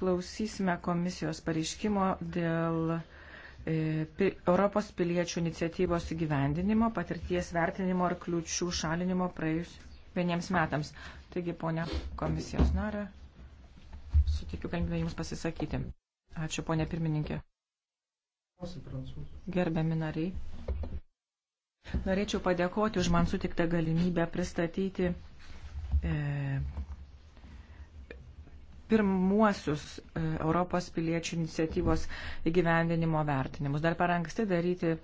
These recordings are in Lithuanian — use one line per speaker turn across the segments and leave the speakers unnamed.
Klausysime komisijos pareiškimo dėl e, Europos piliečių iniciatyvos įgyvendinimo, patirties vertinimo ar kliūčių šalinimo praėjus vieniems metams. Taigi, ponia komisijos narė, sutikiu galimybę Jums pasisakyti. Ačiū, ponia pirmininkė. Gerbiami nariai. Norėčiau padėkoti už man sutiktą galimybę pristatyti e, pirmuosius e, Europos piliečių iniciatyvos įgyvendinimo vertinimus. Dar per anksti daryti e,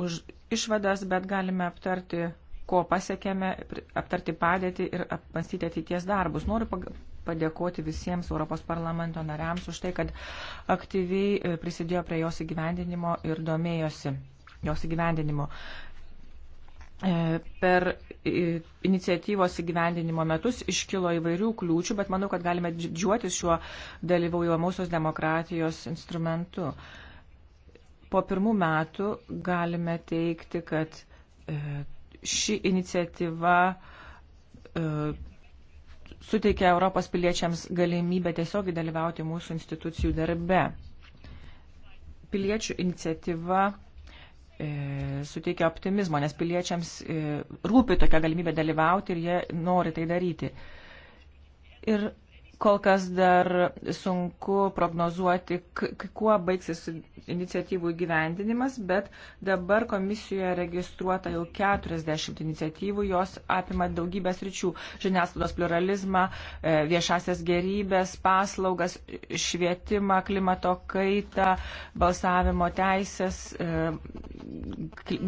už išvadas, bet galime aptarti, ko pasiekėme, aptarti padėtį ir apmastyti ateities darbus. Noriu padėkoti visiems Europos parlamento nariams už tai, kad aktyviai e, prisidėjo prie jos įgyvendinimo ir domėjosi jos įgyvendinimo. E, per e, iniciatyvos įgyvendinimo metus iškilo įvairių kliūčių, bet manau, kad galime didžiuotis šiuo dalyvaujamosios demokratijos instrumentu. Po pirmų metų galime teikti, kad e, ši iniciatyva suteikia Europos piliečiams galimybę tiesiogiai dalyvauti mūsų institucijų darbe. Piliečių iniciatyva E, suteikia optimizmo, nes piliečiams e, rūpi tokia galimybė dalyvauti ir jie nori tai daryti. Ir Kol kas dar sunku prognozuoti, kuo baigsis iniciatyvų įgyvendinimas, bet dabar komisijoje registruota jau 40 iniciatyvų, jos apima daugybės ryčių - žiniasklaidos pluralizmą, e, viešasias gerybės, paslaugas, švietimą, klimato kaitą, balsavimo teisės, e,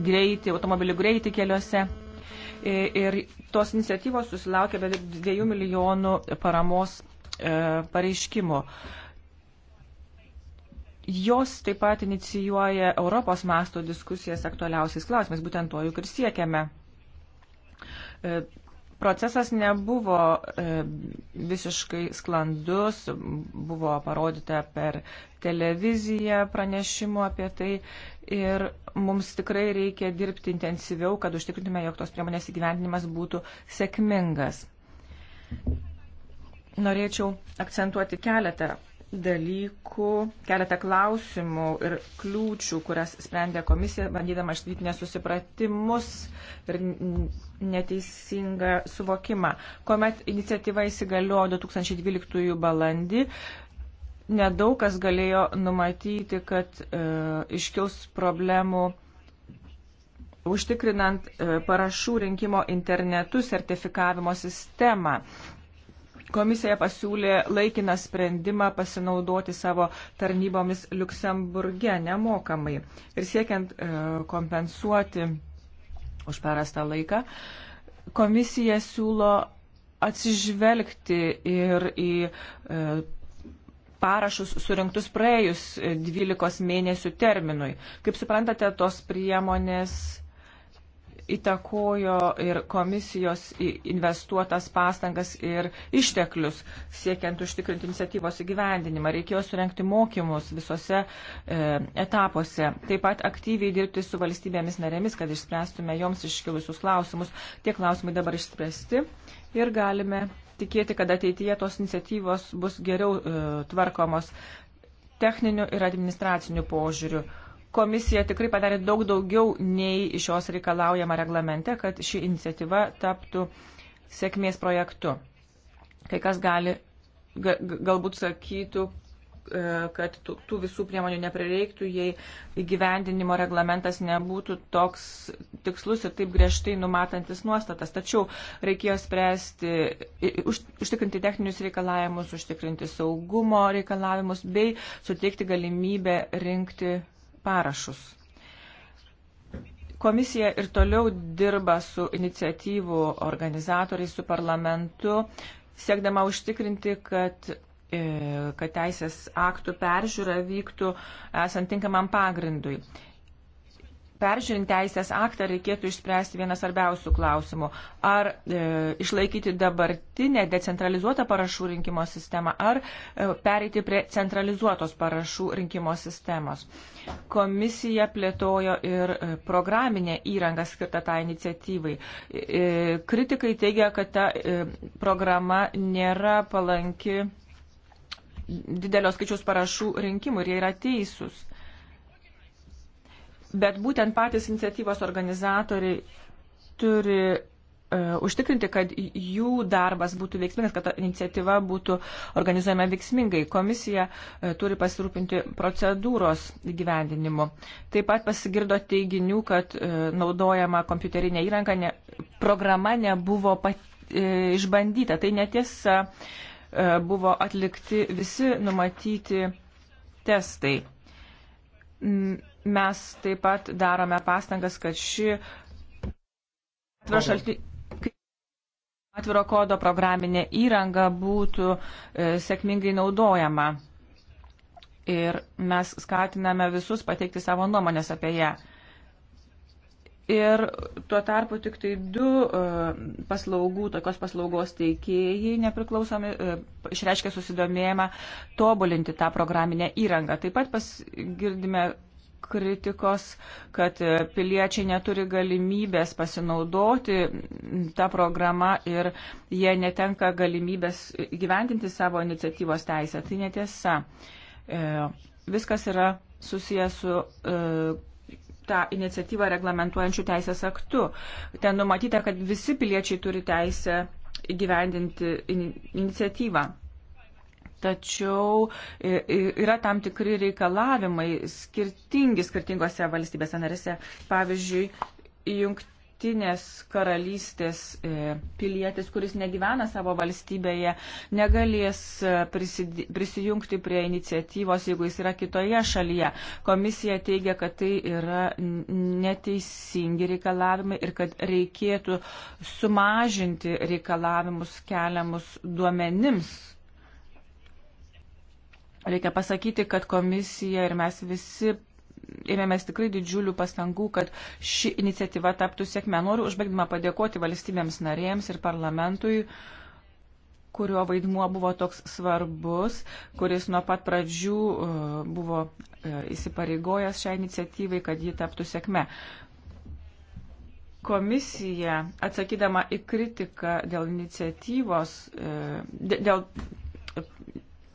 greitį, automobilių greitį keliuose. E, ir tos iniciatyvos susilaukė beveik 2 milijonų paramos E, pareiškimų. Jos taip pat inicijuoja Europos masto diskusijas aktualiausiais klausimais, būtent to juk ir siekiame. E, procesas nebuvo e, visiškai sklandus, buvo parodyta per televiziją pranešimų apie tai ir mums tikrai reikia dirbti intensyviau, kad užtikrintume, jog tos priemonės įgyvendinimas būtų sėkmingas norėčiau akcentuoti keletą dalykų, keletą klausimų ir kliūčių, kurias sprendė komisija, bandydama išdyti nesusipratimus ir neteisingą suvokimą. Komet iniciatyva įsigaliojo 2012 balandį, nedaug kas galėjo numatyti, kad e, iškils problemų užtikrinant e, parašų rinkimo internetu sertifikavimo sistemą. Komisija pasiūlė laikiną sprendimą pasinaudoti savo tarnybomis Luksemburge nemokamai ir siekiant e, kompensuoti už perastą laiką. Komisija siūlo atsižvelgti ir į e, parašus surinktus praėjus 12 mėnesių terminui. Kaip suprantate, tos priemonės įtakojo ir komisijos investuotas pastangas ir išteklius, siekiant užtikrinti iniciatyvos įgyvendinimą. Reikėjo surenkti mokymus visose e, etapuose, taip pat aktyviai dirbti su valstybėmis narėmis, kad išspręstume joms iškilusius klausimus. Tie klausimai dabar išspręsti ir galime tikėti, kad ateityje tos iniciatyvos bus geriau e, tvarkomos techniniu ir administraciniu požiūriu komisija tikrai padarė daug daugiau nei iš jos reikalaujama reglamente, kad ši iniciatyva taptų sėkmės projektu. Kai kas gali, ga, galbūt sakytų, e, kad tų, tų visų priemonių neprireiktų, jei įgyvendinimo reglamentas nebūtų toks tikslus ir taip griežtai numatantis nuostatas. Tačiau reikėjo spręsti, už, užtikrinti techninius reikalavimus, užtikrinti saugumo reikalavimus bei suteikti galimybę rinkti parašus. Komisija ir toliau dirba su iniciatyvų organizatoriais, su parlamentu, siekdama užtikrinti, kad e, kad teisės aktų peržiūra vyktų esant tinkamam pagrindui peržiūrint teisės aktą reikėtų išspręsti vienas svarbiausių klausimų. Ar e, išlaikyti dabartinę decentralizuotą parašų rinkimo sistemą, ar e, pereiti prie centralizuotos parašų rinkimo sistemos. Komisija plėtojo ir e, programinę įrangą skirtą tą tai iniciatyvai. E, kritikai teigia, kad ta e, programa nėra palanki didelio skaičiaus parašų rinkimų ir jie yra teisūs bet būtent patys iniciatyvos organizatoriai turi uh, užtikrinti, kad jų darbas būtų veiksmingas, kad iniciatyva būtų organizuojama veiksmingai. Komisija uh, turi pasirūpinti procedūros įgyvendinimu. Taip pat pasigirdo teiginių, kad uh, naudojama kompiuterinė įranga, ne, programa nebuvo pat, išbandyta. Tai netiesa, buvo atlikti visi numatyti testai. Mm Mes taip pat darome pastangas, kad ši atviro, šalti, atviro kodo programinė įranga būtų e, sėkmingai naudojama. Ir mes skatiname visus pateikti savo nuomonės apie ją ir tuo tarpu tik tai du e, paslaugų, tokios paslaugos teikėjai nepriklausomi e, išreiškia susidomėjimą tobulinti tą programinę įrangą. Taip pat pasigirdime kritikos, kad piliečiai neturi galimybės pasinaudoti tą programą ir jie netenka galimybės gyventinti savo iniciatyvos teisę. Tai netiesa. E, viskas yra susijęs su e, tą iniciatyvą reglamentuojančių teisės aktu. Ten numatyta, kad visi piliečiai turi teisę įgyvendinti in iniciatyvą. Tačiau yra tam tikri reikalavimai skirtingi skirtingose valstybėse narėse. Pavyzdžiui, jungtinės karalystės e, pilietis, kuris negyvena savo valstybėje, negalės e, prisijungti prie iniciatyvos, jeigu jis yra kitoje šalyje. Komisija teigia, kad tai yra neteisingi reikalavimai ir kad reikėtų sumažinti reikalavimus keliamus duomenims Reikia pasakyti, kad komisija ir mes visi ėmėmės tikrai didžiulių pastangų, kad ši iniciatyva taptų sėkmę. Noriu užbaigdama padėkoti valstybėms narėms ir parlamentui kurio vaidmuo buvo toks svarbus, kuris nuo pat pradžių e, buvo e, įsipareigojęs šią iniciatyvai, kad ji taptų sėkme. Komisija, atsakydama į kritiką dėl iniciatyvos, e, dėl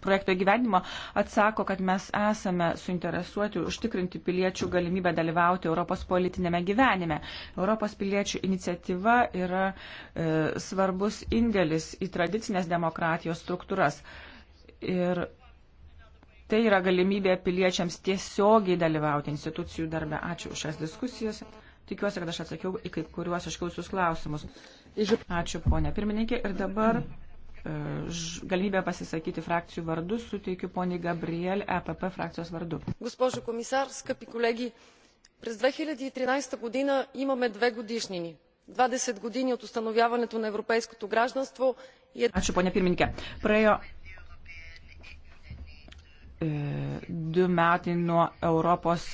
projekto gyvenimo, atsako, kad mes esame suinteresuoti užtikrinti piliečių galimybę dalyvauti Europos politinėme gyvenime. Europos piliečių iniciatyva yra e, svarbus indėlis į tradicinės demokratijos struktūras. Ir tai yra galimybė piliečiams tiesiogiai dalyvauti institucijų darbe. Ačiū už šias diskusijas. Tikiuosi, kad aš atsakiau į kai kuriuos iškiausius klausimus. Ačiū, ponė pirmininkė. Ir dabar. E, galimybę pasisakyti frakcijų vardu suteikiu poniai Gabriel EPP frakcijos vardu.
Госпожо комисар, скъпи колеги, през 2013 година имаме две годишнини. 20 години от установяването на европейското гражданство и... Ačiū, ponia pirmininkė.
Praėjo e, du metai nuo Europos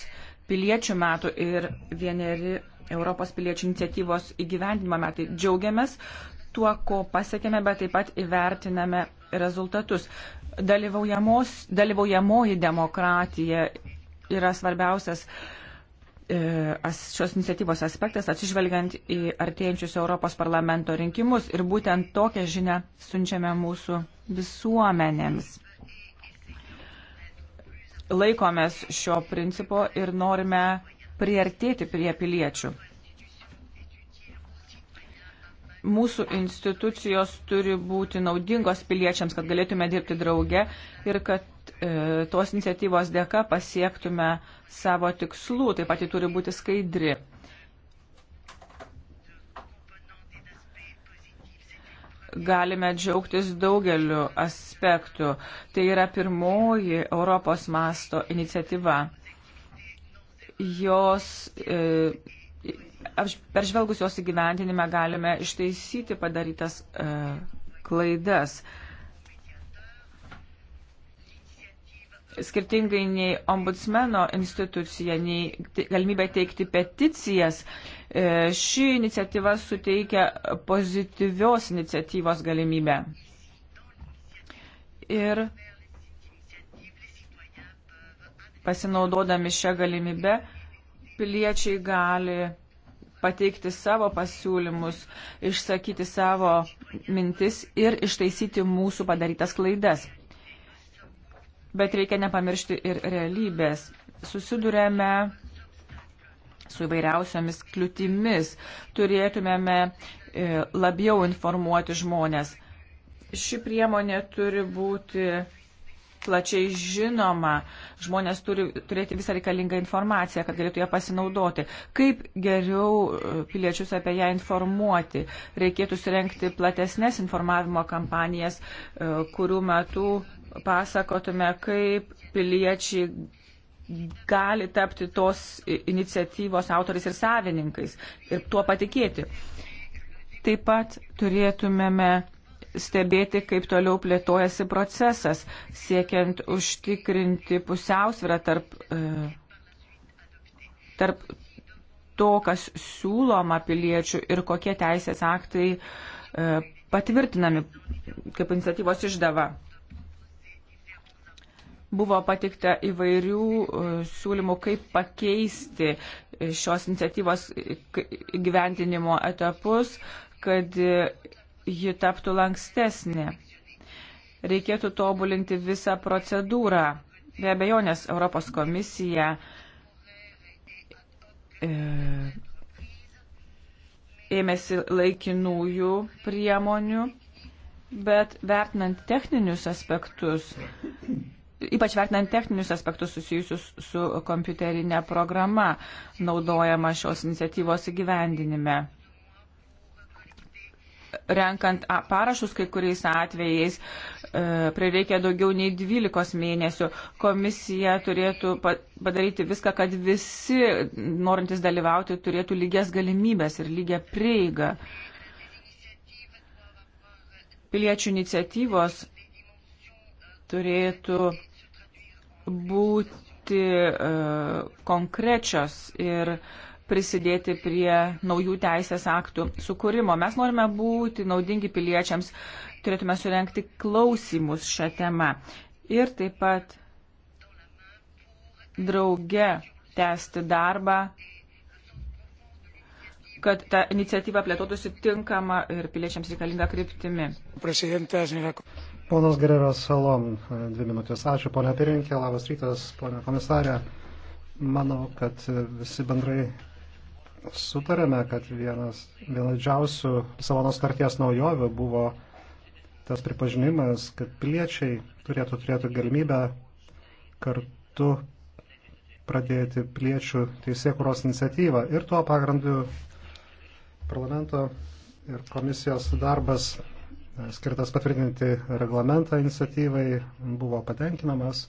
piliečių metų ir vieneri Europos piliečių iniciatyvos įgyvendinimo metai. Džiaugiamės, tuo, ko pasiekėme, bet taip pat įvertiname rezultatus. Dalyvaujamoji demokratija yra svarbiausias e, šios iniciatyvos aspektas atsižvelgiant į artėjančius Europos parlamento rinkimus ir būtent tokią žinę siunčiame mūsų visuomenėms. Laikomės šio principo ir norime priartėti prie piliečių mūsų institucijos turi būti naudingos piliečiams, kad galėtume dirbti drauge ir kad e, tos iniciatyvos dėka pasiektume savo tikslų, taip pat ji turi būti skaidri. Galime džiaugtis daugeliu aspektų. Tai yra pirmoji Europos masto iniciatyva. Jos e, peržvelgus jos įgyventinime galime ištaisyti padarytas e, klaidas. Skirtingai nei ombudsmeno institucija, nei galimybė teikti peticijas, e, ši iniciatyva suteikia pozityvios iniciatyvos galimybę. Ir pasinaudodami šią galimybę, piliečiai gali pateikti savo pasiūlymus, išsakyti savo mintis ir ištaisyti mūsų padarytas klaidas. Bet reikia nepamiršti ir realybės. Susidurėme su įvairiausiamis kliūtimis. Turėtumėme e, labiau informuoti žmonės. Ši priemonė turi būti plačiai žinoma, žmonės turi turėti visą reikalingą informaciją, kad galėtų ją pasinaudoti. Kaip geriau e, piliečius apie ją informuoti? Reikėtų surenkti platesnės informavimo kampanijas, e, kurių metu pasakotume, kaip piliečiai gali tapti tos iniciatyvos autoriais ir savininkais ir tuo patikėti. Taip pat turėtumėme stebėti, kaip toliau plėtojasi procesas, siekiant užtikrinti pusiausvyrą tarp, e, tarp to, kas siūloma piliečių ir kokie teisės aktai e, patvirtinami kaip iniciatyvos išdava. Buvo patikta įvairių e, siūlymų, kaip pakeisti šios iniciatyvos gyventinimo etapus, kad ji taptų lankstesnė. Reikėtų tobulinti visą procedūrą. Be abejonės Europos komisija e, ėmėsi laikinųjų priemonių, bet vertinant techninius aspektus, ypač vertinant techninius aspektus susijusius su kompiuterinė programa naudojama šios iniciatyvos įgyvendinime renkant parašus kai kuriais atvejais e, prireikia daugiau nei 12 mėnesių. Komisija turėtų padaryti viską, kad visi norintys dalyvauti turėtų lygias galimybės ir lygią prieigą. Piliečių iniciatyvos turėtų būti būti e, konkrečios ir prisidėti prie naujų teisės aktų sukūrimo. Mes norime būti naudingi piliečiams, turėtume surenkti klausimus šią temą ir taip pat drauge tęsti darbą, kad ta iniciatyva plėtotųsi tinkama ir piliečiams reikalinga kryptimi.
Ponas Gereras Salom, dvi minutės. Ačiū, ponia Pirinkė, labas rytas, ponia komisarė. Manau, kad visi bendrai sutarėme, kad vienas, viena didžiausių Lisabonos starties naujovių buvo tas pripažinimas, kad piliečiai turėtų turėti galimybę kartu pradėti piliečių teisėkuros iniciatyvą. Ir tuo pagrindu parlamento ir komisijos darbas skirtas patvirtinti reglamentą iniciatyvai, buvo patenkinamas,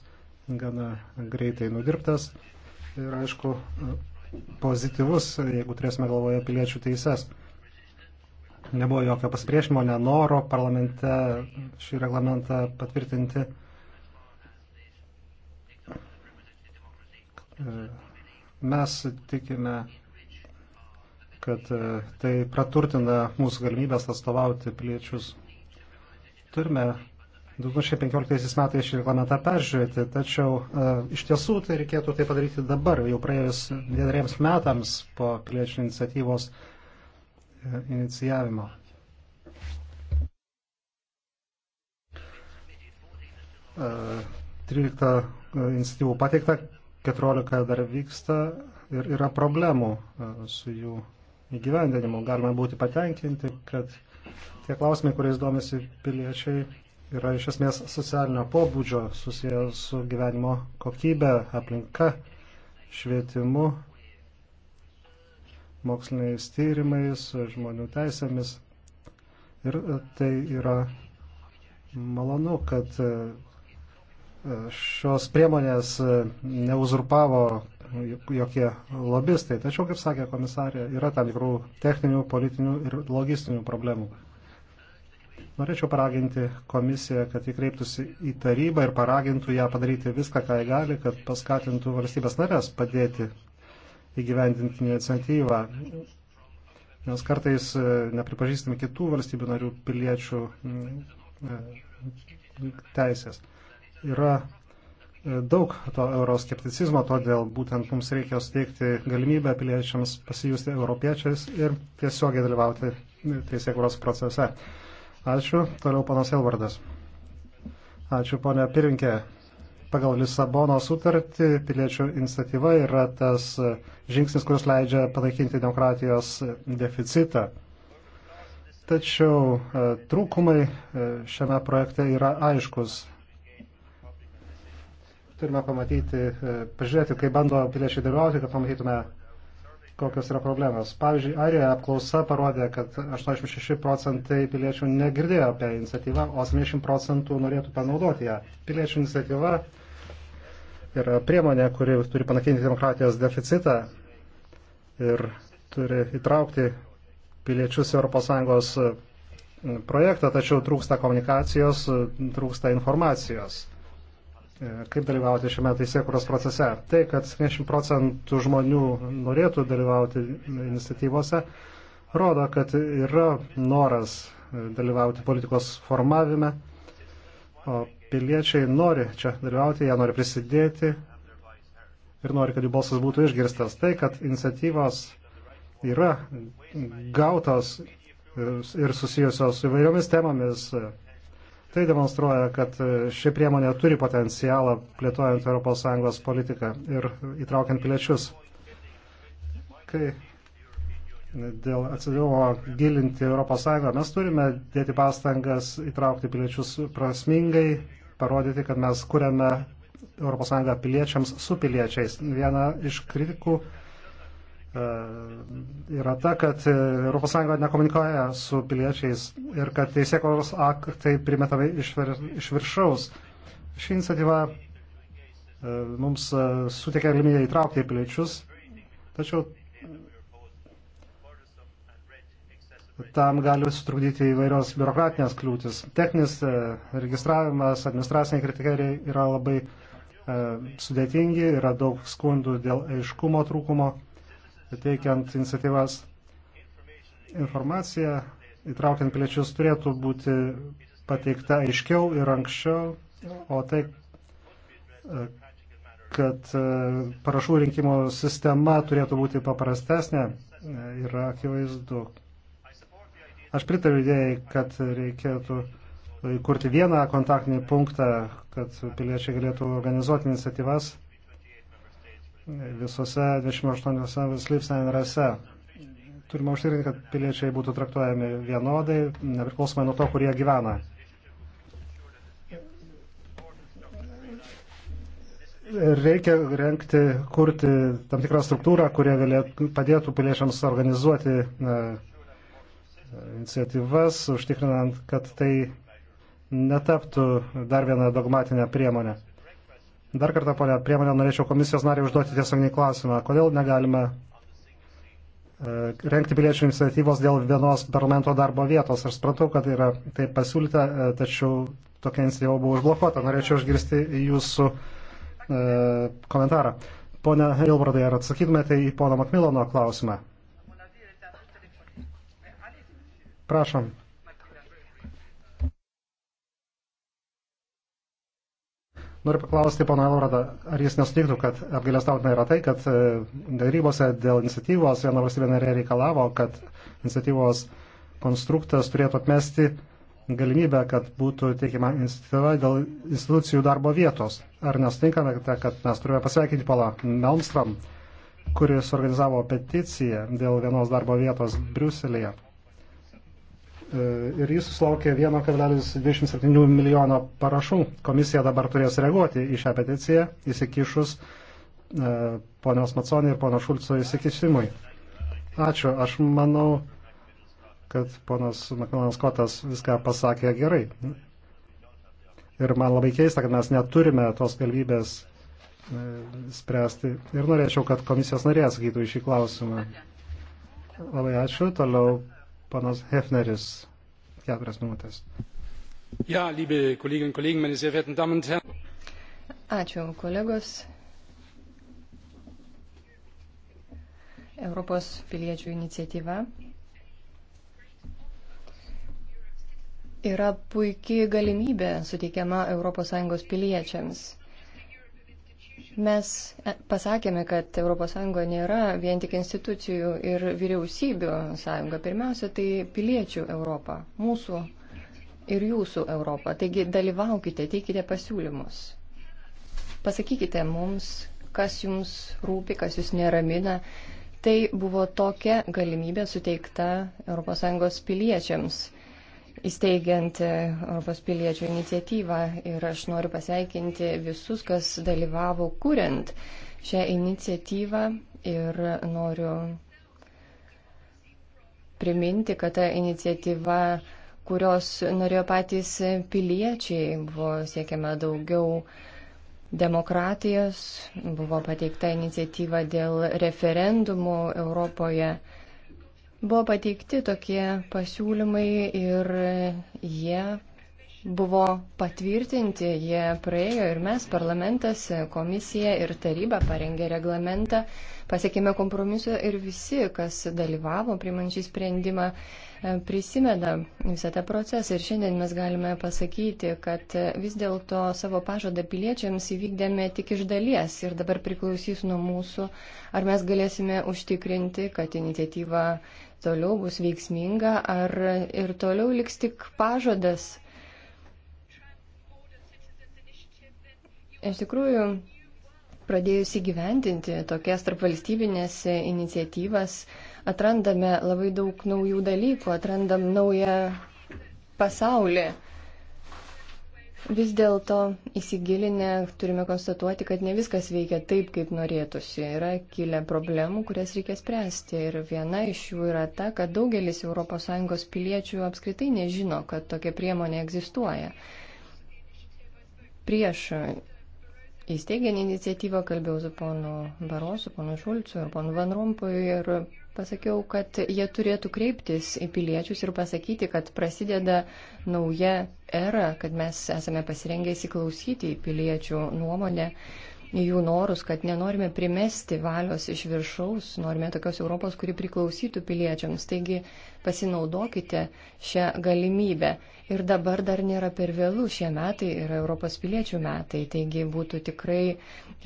gana greitai nudirbtas ir, aišku, pozityvus, jeigu turėsime galvoje piliečių teises. Nebuvo jokio pasipriešinimo, nenoro parlamente šį reglamentą patvirtinti. Mes tikime, kad tai praturtina mūsų galimybės atstovauti piliečius Turime 2015 metais šį reglamentą peržiūrėti, tačiau e, iš tiesų tai reikėtų tai padaryti dabar, jau praėjus vieneriems metams po piliečių iniciatyvos e, inicijavimo. E, 13 e, iniciatyvų pateikta, 14 dar vyksta ir yra problemų e, su jų įgyvendinimu. Galima būti patenkinti, kad Tie klausimai, kuriais domisi piliečiai, yra iš esmės socialinio pobūdžio susiję su gyvenimo kokybė, aplinka, švietimu, moksliniais tyrimais, žmonių teisėmis. Ir tai yra malonu, kad e, šios priemonės e, neuzurpavo jokie lobistai. Tačiau, kaip sakė komisarė, yra tam tikrų techninių, politinių ir logistinių problemų. Norėčiau paraginti komisiją, kad įkreiptųsi į tarybą ir paragintų ją padaryti viską, ką jie gali, kad paskatintų valstybės narės padėti įgyvendinti iniciatyvą. Nes kartais e, nepripažįstame kitų valstybių narių piliečių e, teisės. Yra e, daug to euroskepticizmo, todėl būtent mums reikia suteikti galimybę piliečiams pasijusti europiečiais ir tiesiogiai dalyvauti teisėkuros procese. Ačiū. Toliau panas Elvardas. Ačiū, ponia Pirinkė. Pagal Lisabono sutartį piliečių iniciatyva yra tas žingsnis, kuris leidžia panaikinti demokratijos deficitą. Tačiau e, trūkumai e, šiame projekte yra aiškus. Turime pamatyti, e, pažiūrėti, kaip bando piliečiai dalyvauti, kad pamatytume kokios yra problemos. Pavyzdžiui, Airijoje apklausa parodė, kad 86 procentai piliečių negirdėjo apie iniciatyvą, o 70 procentų norėtų panaudoti ją. Piliečių iniciatyva yra priemonė, kuri turi panakinti demokratijos deficitą ir turi įtraukti piliečius ES projektą, tačiau trūksta komunikacijos, trūksta informacijos. E, kaip dalyvauti šiame teisėkuros procese. Tai, kad 70 procentų žmonių norėtų dalyvauti iniciatyvose, rodo, kad yra noras e, dalyvauti politikos formavime, o piliečiai nori čia dalyvauti, jie nori prisidėti ir nori, kad jų balsas būtų išgirstas. Tai, kad iniciatyvos yra gautos ir susijusios su įvairiomis temomis, Tai demonstruoja, kad e, ši priemonė turi potencialą plėtojant ES politiką ir įtraukiant piliečius. Kai dėl atsidėjimo gilinti ES, mes turime dėti pastangas įtraukti piliečius prasmingai, parodyti, kad mes kuriame ES piliečiams su piliečiais. Viena iš kritikų E, yra ta, kad ES nekomunikuoja su piliečiais ir kad teisėkos aktai primetami iš, vir, iš viršaus. Ši iniciatyva e, mums e, suteikia galimybę įtraukti piliečius, tačiau tam gali sutrukdyti įvairios biurokratinės kliūtis. Techninis registravimas, administraciniai kriterijai yra labai sudėtingi, yra daug skundų dėl aiškumo trūkumo teikiant iniciatyvas informacija, įtraukiant piliečius, turėtų būti pateikta aiškiau ir anksčiau, o tai, e, kad e, parašų rinkimo sistema turėtų būti paprastesnė, e, yra akivaizdu. Aš pritariu idėjai, kad reikėtų kurti vieną kontaktinį punktą, kad piliečiai galėtų organizuoti iniciatyvas visose 28 valstybės narėse. Turime užtikrinti, kad piliečiai būtų traktuojami vienodai, nepriklausomai nuo to, kur jie gyvena. Reikia renkti, kurti tam tikrą struktūrą, kurie galėt, padėtų piliečiams organizuoti na, e, iniciatyvas, užtikrinant, kad tai netaptų dar vieną dogmatinę priemonę. Dar kartą, ponia priemonė, norėčiau komisijos nariai užduoti tiesioginį klausimą. Kodėl negalime e, rengti piliečių iniciatyvos dėl vienos parlamento darbo vietos. Aš supratau, kad yra tai pasiūlyta, e, tačiau tokia iniciatyva buvo užblokuota. Norėčiau išgirsti jūsų e, komentarą. Pone Hilbradai, ar atsakytumėte į pono Makmilono klausimą? Prašom. Noriu paklausti pana Lauradą, ar jis nesutiktų, kad apgailestautina yra tai, kad e, darybose dėl iniciatyvos viena valstybė narė reikalavo, kad iniciatyvos konstruktas turėtų atmesti galimybę, kad būtų teikiama iniciatyva dėl institucijų darbo vietos. Ar nesutinkame, kad mes turime pasveikinti Paulą Melmstrom, kuris organizavo peticiją dėl vienos darbo vietos Briuselėje? E, ir jis sulaukė 1,27 milijono parašų. Komisija dabar turės reaguoti į šią peticiją įsikišus e, ponios Maconį ir pono Šulco įsikišimui. Ačiū. Aš manau, kad ponas Makmilanas Kotas viską pasakė gerai. Ir man labai keista, kad mes neturime tos galimybės e, spręsti. Ir norėčiau, kad komisijos narės gytų į šį klausimą. Labai ačiū. Toliau Panas Hefneris, keturias minutės. Ja, liebe Kolleginnen und Kollegen, meine sehr verehrten Damen und Herren.
Ačiū, kolegos. Europos piliečių iniciatyva yra puikiai galimybė suteikiama ES piliečiams. Mes pasakėme, kad ES nėra vien tik institucijų ir vyriausybių sąjunga. Pirmiausia, tai piliečių Europa, mūsų ir jūsų Europa. Taigi dalyvaukite, teikite pasiūlymus. Pasakykite mums, kas jums rūpi, kas jūs neramina. Tai buvo tokia galimybė suteikta ES piliečiams įsteigiant e, Europos piliečių iniciatyvą ir aš noriu pasveikinti visus, kas dalyvavo kuriant šią iniciatyvą ir noriu priminti, kad ta iniciatyva, kurios norėjo patys piliečiai, buvo siekiama daugiau demokratijos, buvo pateikta iniciatyva dėl referendumų Europoje Buvo pateikti tokie pasiūlymai ir jie buvo patvirtinti, jie praėjo ir mes, parlamentas, komisija ir taryba parengė reglamentą, pasiekėme kompromiso ir visi, kas dalyvavo primant šį sprendimą, e, prisimena visą tą procesą. Ir šiandien mes galime pasakyti, kad vis dėlto savo pažadą piliečiams įvykdėme tik iš dalies ir dabar priklausys nuo mūsų, ar mes galėsime užtikrinti, kad iniciatyva toliau bus veiksminga, ar ir toliau liks tik pažadas. Iš tikrųjų, pradėjus įgyvendinti tokias tarpvalstybinės iniciatyvas, atrandame labai daug naujų dalykų, atrandam naują pasaulį. Vis dėlto įsigilinę turime konstatuoti, kad ne viskas veikia taip, kaip norėtųsi. Yra kilę problemų, kurias reikia spręsti. Ir viena iš jų yra ta, kad daugelis ES piliečių apskritai nežino, kad tokia priemonė egzistuoja. Prieš įsteigiant iniciatyvą kalbėjau su ponu Barosu, ponu Šulcu ir ponu Van Rompui ir pasakiau, kad jie turėtų kreiptis į piliečius ir pasakyti, kad prasideda nauja era, kad mes esame pasirengę įsiklausyti į piliečių nuomonę jų norus, kad nenorime primesti valios iš viršaus, norime tokios Europos, kuri priklausytų piliečiams. Taigi pasinaudokite šią galimybę. Ir dabar dar nėra per vėlų, šie metai yra Europos piliečių metai, taigi būtų tikrai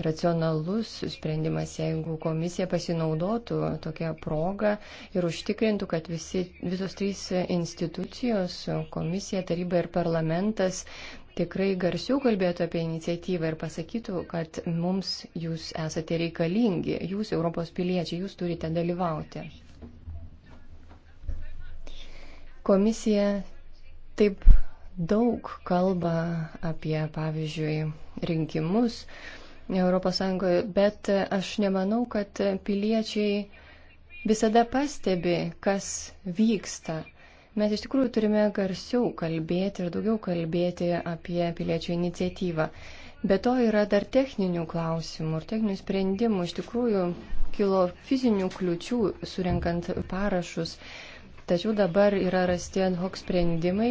racionalus sprendimas, jeigu komisija pasinaudotų tokią progą ir užtikrintų, kad visi, visos trys institucijos - komisija, taryba ir parlamentas tikrai garsiau kalbėtų apie iniciatyvą ir pasakytų, kad mums jūs esate reikalingi, jūs Europos piliečiai, jūs turite dalyvauti. Komisija taip daug kalba apie, pavyzdžiui, rinkimus ES, bet aš nemanau, kad piliečiai visada pastebi, kas vyksta Mes iš tikrųjų turime garsiau kalbėti ir daugiau kalbėti apie piliečių iniciatyvą. Be to yra dar techninių klausimų ir techninių sprendimų. Iš tikrųjų kilo fizinių kliučių surinkant parašus, tačiau dabar yra rasti ad hoc sprendimai,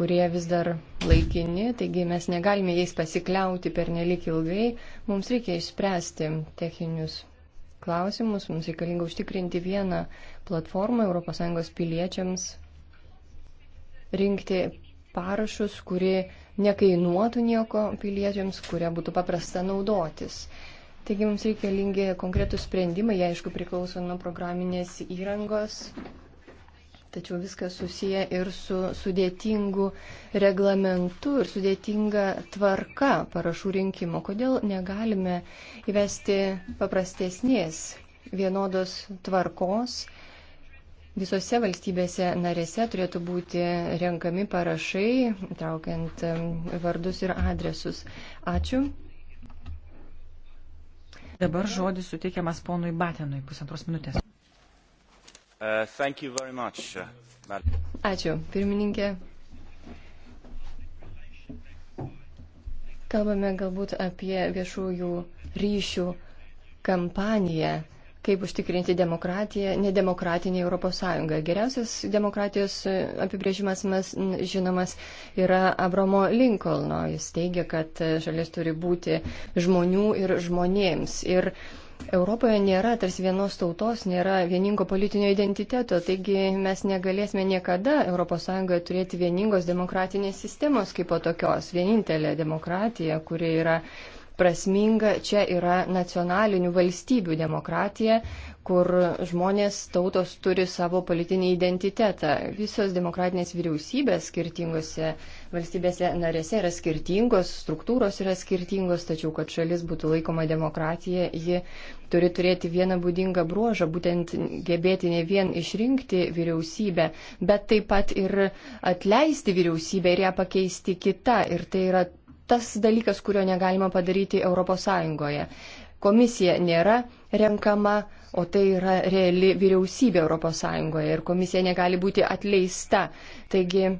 kurie vis dar laikini, taigi mes negalime jais pasikliauti per nelik ilgai. Mums reikia išspręsti techninius klausimus, mums reikalinga užtikrinti vieną platformą ES piliečiams rinkti parašus, kuri nekainuotų nieko piliečiams, kuria būtų paprasta naudotis. Taigi mums reikalingi konkretų sprendimai, jie aišku priklauso nuo programinės įrangos, tačiau viskas susiję ir su sudėtingu reglamentu ir sudėtinga tvarka parašų rinkimo. Kodėl negalime įvesti paprastesnės vienodos tvarkos Visose valstybėse narėse turėtų būti renkami parašai, traukiant vardus ir adresus. Ačiū. Dabar žodis suteikiamas ponui Batenui pusantros minutės.
Uh, much, uh,
Ačiū, pirmininkė. Kalbame galbūt apie viešųjų ryšių kampaniją kaip užtikrinti demokratiją nedemokratinėje Europos Sąjungoje. Geriausias demokratijos apibrėžimas mes žinomas yra Abramo Lincolno. Jis teigia, kad šalis turi būti žmonių ir žmonėms. Ir Europoje nėra tarsi vienos tautos, nėra vieningo politinio identiteto, taigi mes negalėsime niekada ES turėti vieningos demokratinės sistemos kaip po tokios, vienintelė demokratija, kuri yra prasminga čia yra nacionalinių valstybių demokratija, kur žmonės, tautos turi savo politinį identitetą. Visos demokratinės vyriausybės skirtingose valstybėse narėse yra skirtingos, struktūros yra skirtingos, tačiau kad šalis būtų laikoma demokratija, ji turi turėti vieną būdingą bruožą, būtent gebėti ne vien išrinkti vyriausybę, bet taip pat ir atleisti vyriausybę ir ją pakeisti kitą. Ir tai yra tas dalykas, kurio negalima padaryti ES. Komisija nėra renkama, o tai yra reali vyriausybė ES ir komisija negali būti atleista. Taigi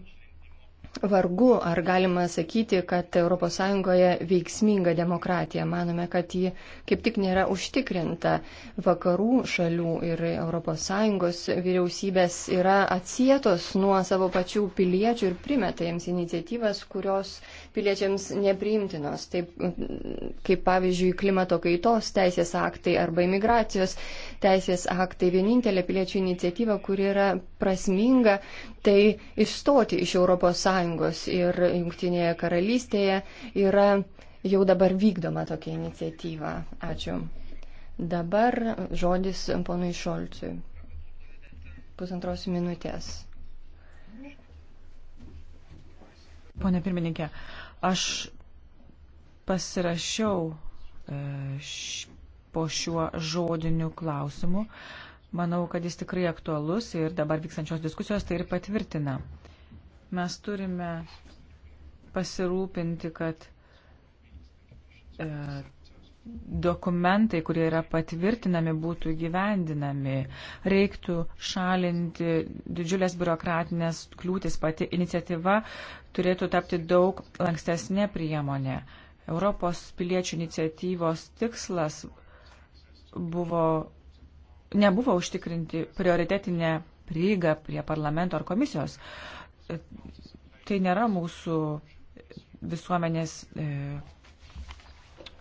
vargu ar galima sakyti, kad ES veiksminga demokratija. Manome, kad ji kaip tik nėra užtikrinta. Vakarų šalių ir ES vyriausybės yra atsietos nuo savo pačių piliečių ir primeta jiems iniciatyvas, kurios piliečiams nepriimtinos, taip kaip pavyzdžiui klimato kaitos teisės aktai arba imigracijos teisės aktai. Vienintelė piliečių iniciatyva, kuri yra prasminga, tai išstoti iš ES ir Junktinėje karalystėje yra jau dabar vykdoma tokia iniciatyva. Ačiū. Dabar žodis ponui Šolcui. Pusantros minutės. Pone pirmininkė,
Aš pasirašiau e, po šiuo žodiniu klausimu. Manau, kad jis tikrai aktualus ir dabar vykstančios diskusijos tai ir patvirtina. Mes turime pasirūpinti, kad e, dokumentai, kurie yra patvirtinami, būtų gyvendinami. Reiktų šalinti didžiulės biurokratinės kliūtis. Pati iniciatyva turėtų tapti daug lankstesnė priemonė. Europos piliečių iniciatyvos tikslas buvo, nebuvo užtikrinti prioritetinę prieigą prie parlamento ar komisijos. Tai nėra mūsų visuomenės. E,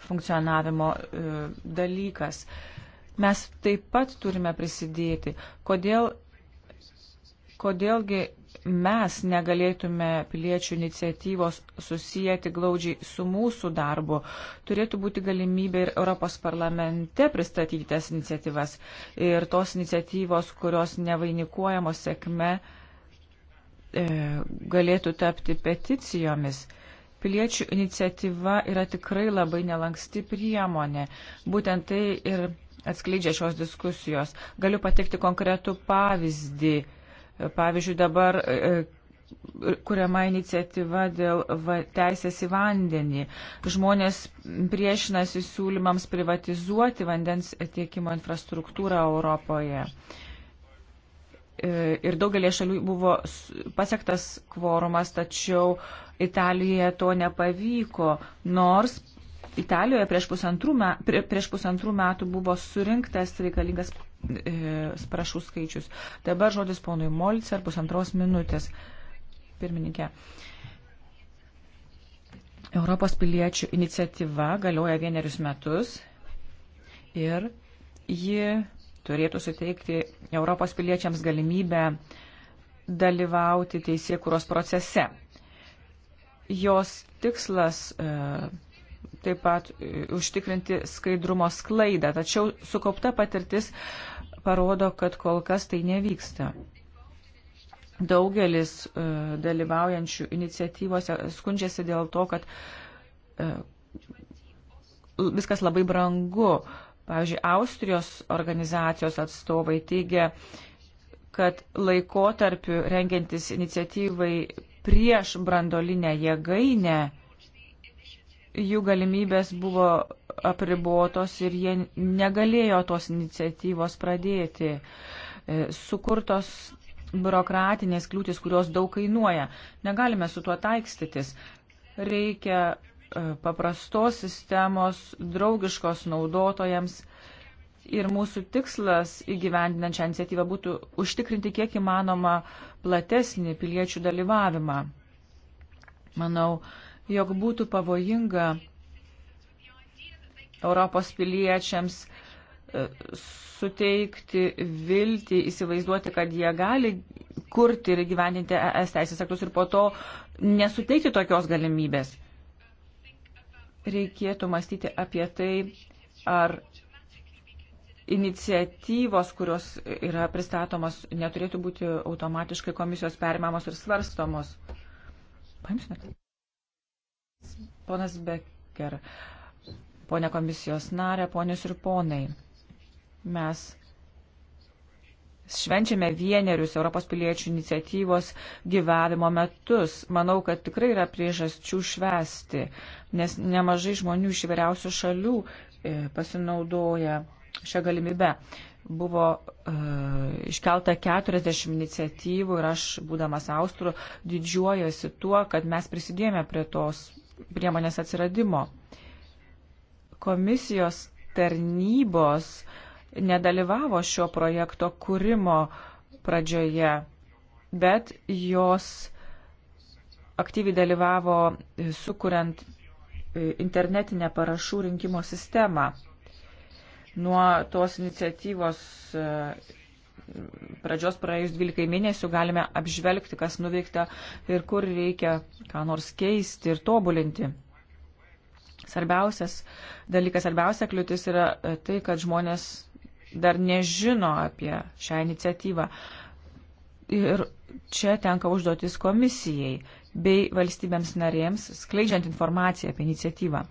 funkcionavimo e, dalykas. Mes taip pat turime prisidėti. Kodėl, kodėlgi mes negalėtume piliečių iniciatyvos susijęti glaudžiai su mūsų darbu. Turėtų būti galimybė ir Europos parlamente pristatyti tas iniciatyvas. Ir tos iniciatyvos, kurios nevainikuojamos sėkme, e, galėtų tapti peticijomis. Piliečių iniciatyva yra tikrai labai nelanksti priemonė. Būtent tai ir atskleidžia šios diskusijos. Galiu pateikti konkretų pavyzdį. Pavyzdžiui, dabar e, e, kuriama iniciatyva dėl va, teisės į vandenį. Žmonės priešinasi siūlymams privatizuoti vandens tiekimo infrastruktūrą Europoje. E, ir daugelie šalių buvo pasiektas kvorumas, tačiau uh, Italijoje to nepavyko, nors Italijoje prieš pusantrų, me, prieš pusantrų metų buvo surinktas reikalingas e, sprašų skaičius. Dabar žodis ponui Molcer pusantros minutės. Pirmininkė. Europos piliečių iniciatyva galioja vienerius metus ir ji turėtų suteikti Europos piliečiams galimybę dalyvauti teisėkuros procese. Jos tikslas e, taip pat e, užtikrinti skaidrumo sklaidą, tačiau sukaupta patirtis parodo, kad kol kas tai nevyksta. Daugelis e, dalyvaujančių iniciatyvose skundžiasi dėl to, kad viskas labai brangu. Pavyzdžiui, Austrijos organizacijos atstovai teigia, kad laikotarpiu rengiantis iniciatyvai prieš brandolinę jėgainę jų galimybės buvo apribotos ir jie negalėjo tos iniciatyvos pradėti. E, sukurtos biurokratinės kliūtis, kurios daug kainuoja. Negalime su tuo taikstytis. Reikia e, paprastos sistemos, draugiškos naudotojams ir mūsų tikslas įgyvendinant šią iniciatyvą būtų užtikrinti kiek įmanoma platesnį piliečių dalyvavimą. Manau, jog būtų pavojinga Europos piliečiams e, suteikti viltį, įsivaizduoti, kad jie gali kurti ir gyveninti ES teisės aktus ir po to nesuteikti tokios galimybės. Reikėtų mąstyti apie tai, ar iniciatyvos, kurios yra pristatomos, neturėtų būti automatiškai komisijos perimamos ir svarstomos. Paimsime. Ponas Becker, ponė komisijos narė, ponios ir ponai, mes švenčiame vienerius Europos piliečių iniciatyvos gyvavimo metus. Manau, kad tikrai yra priežasčių švesti, nes nemažai žmonių iš įvairiausių šalių e, pasinaudoja šią galimybę. Buvo uh, iškelta 40 iniciatyvų ir aš, būdamas Austru, didžiuojasi tuo, kad mes prisidėjome prie tos priemonės atsiradimo. Komisijos tarnybos nedalyvavo šio projekto kūrimo pradžioje, bet jos aktyviai dalyvavo sukuriant e, internetinę parašų rinkimo sistemą. Nuo tos iniciatyvos e, pradžios praėjus 12 mėnesių galime apžvelgti, kas nuveikta ir kur reikia ką nors keisti ir tobulinti. Svarbiausias dalykas, svarbiausia kliūtis yra e, tai, kad žmonės dar nežino apie šią iniciatyvą. Ir čia tenka užduotis komisijai bei valstybėms narėms, skleidžiant informaciją apie iniciatyvą.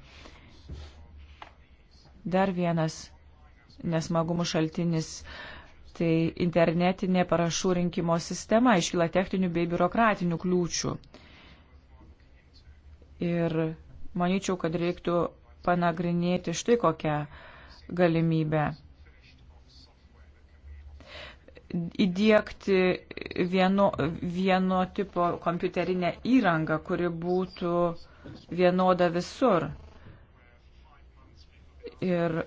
Dar vienas nesmagumų šaltinis. Tai internetinė parašų rinkimo sistema iškyla techninių bei biurokratinių kliūčių. Ir manyčiau, kad reiktų panagrinėti štai kokią galimybę įdėkti vieno, vieno tipo kompiuterinę įrangą, kuri būtų vienoda visur. Ir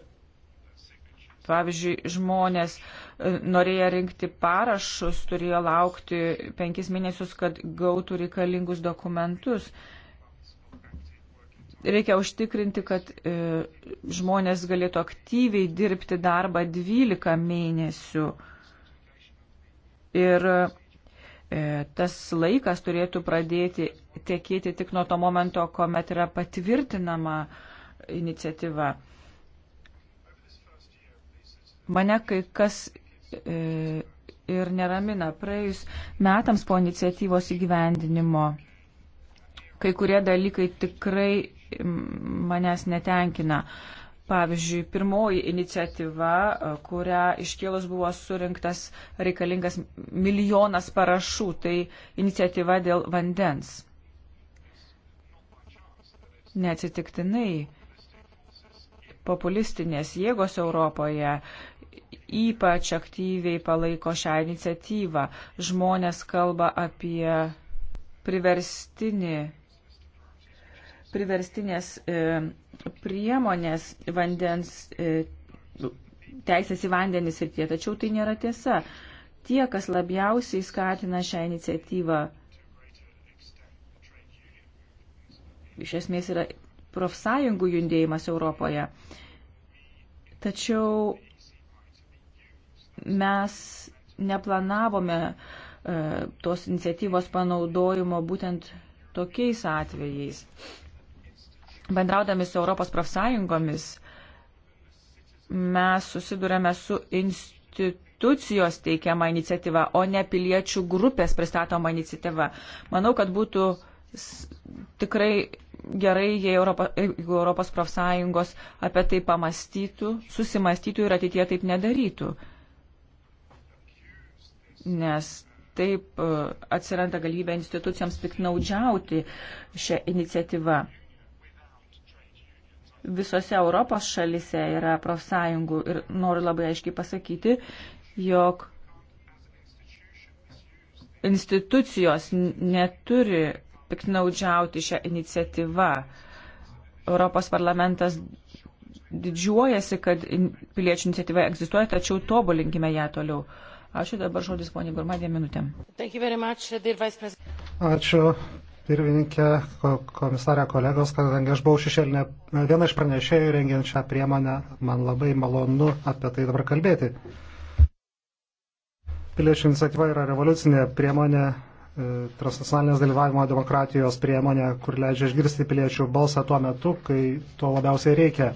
Pavyzdžiui, žmonės e, norėję rinkti parašus turėjo laukti penkis mėnesius, kad gautų reikalingus dokumentus. Reikia užtikrinti, kad e, žmonės galėtų aktyviai dirbti darbą 12 mėnesių. Ir e, tas laikas turėtų pradėti tekėti tik nuo to momento, kuomet yra patvirtinama iniciatyva. E, Mane kai kas e, ir neramina praėjus metams po iniciatyvos įgyvendinimo. Kai kurie dalykai tikrai manęs netenkina. Pavyzdžiui, pirmoji iniciatyva, e, kurią iškėlus buvo surinktas reikalingas milijonas parašų, tai iniciatyva dėl vandens. Neatsitiktinai populistinės jėgos Europoje ypač aktyviai palaiko šią iniciatyvą. Žmonės kalba apie priverstinį, priverstinės e, priemonės vandens, e, teisės į vandenį srityje, tačiau tai nėra tiesa. Tie, kas labiausiai skatina šią iniciatyvą, iš esmės yra profsąjungų judėjimas Europoje. Tačiau mes neplanavome e, tos iniciatyvos panaudojimo būtent tokiais atvejais. Bendraudami su Europos profsąjungomis mes susidurėme su institucijos teikiama iniciatyva, o ne piliečių grupės pristatoma iniciatyva. Manau, kad būtų tikrai gerai, jei Europo, jeigu Europos profsąjungos apie tai pamastytų, susimastytų ir ateitie taip nedarytų nes taip e, atsiranda galimybė institucijoms piknaudžiauti šią iniciatyvą. Visose Europos šalise yra profsąjungų ir noriu labai aiškiai pasakyti, jog institucijos neturi piknaudžiauti šią iniciatyvą. Europos parlamentas didžiuojasi, kad piliečių iniciatyva egzistuoja, tačiau tobulinkime ją toliau. Ačiū dabar žodis poniai Gurma dviem minutėm.
Ačiū pirmininkė, komisarė kolegos, kadangi aš buvau šešėlinė viena iš pranešėjų rengiant šią priemonę, man labai malonu apie tai dabar kalbėti. Piliečių iniciatyva yra revoliucinė priemonė, e, transnacionalinės dalyvavimo demokratijos priemonė, kur leidžia išgirsti piliečių balsą tuo metu, kai to labiausiai reikia.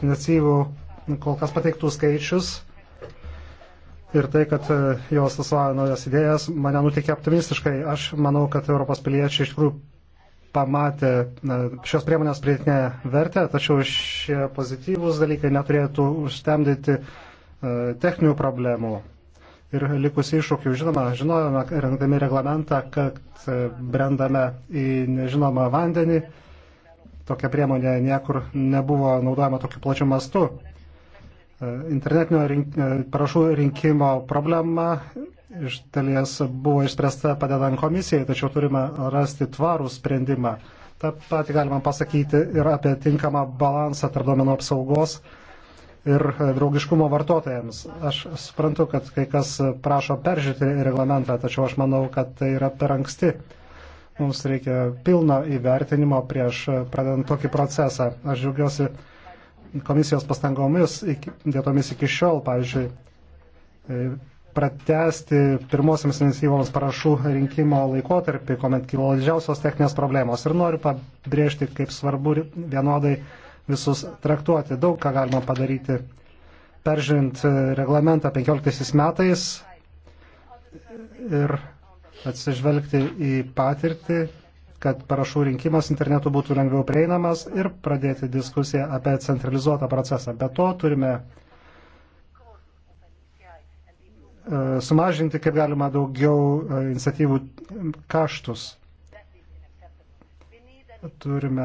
Iniciatyvų kol kas pateiktų skaičius ir tai, kad e, jos atstovauja naujas idėjas, mane nutikė optimistiškai. Aš manau, kad Europos piliečiai iš tikrųjų pamatė šios priemonės pridėtinę vertę, tačiau šie pozityvūs dalykai neturėtų užtemdyti e, techninių problemų. Ir likusi iššūkių, žinoma, žinojame, rengdami reglamentą, kad e, brendame į nežinomą vandenį. Tokia priemonė niekur nebuvo naudojama tokiu plačiu mastu internetinio rink, e, parašų rinkimo problema iš dalies buvo išspręsta padedant komisijai, tačiau turime rasti tvarų sprendimą. Ta pati galima pasakyti ir apie tinkamą balansą tarp domenų apsaugos ir e, draugiškumo vartotojams. Aš suprantu, kad kai kas prašo peržiūrėti reglamentą, tačiau aš manau, kad tai yra per anksti. Mums reikia pilno įvertinimo prieš e, pradedant tokį procesą. Aš džiaugiuosi komisijos pastangomis iki, dėtomis iki šiol, pavyzdžiui, e, pratesti pirmosiams iniciatyvoms parašų rinkimo laikotarpį, kuomet kilo didžiausios techninės problemos. Ir noriu pabrėžti, kaip svarbu vienodai visus traktuoti. Daug ką galima padaryti, peržiūrint e, reglamentą 15 metais ir atsižvelgti į patirtį kad parašų rinkimas internetu būtų lengviau prieinamas ir pradėti diskusiją apie centralizuotą procesą. Be to turime e, sumažinti kaip galima daugiau e, iniciatyvų kaštus. Turime e,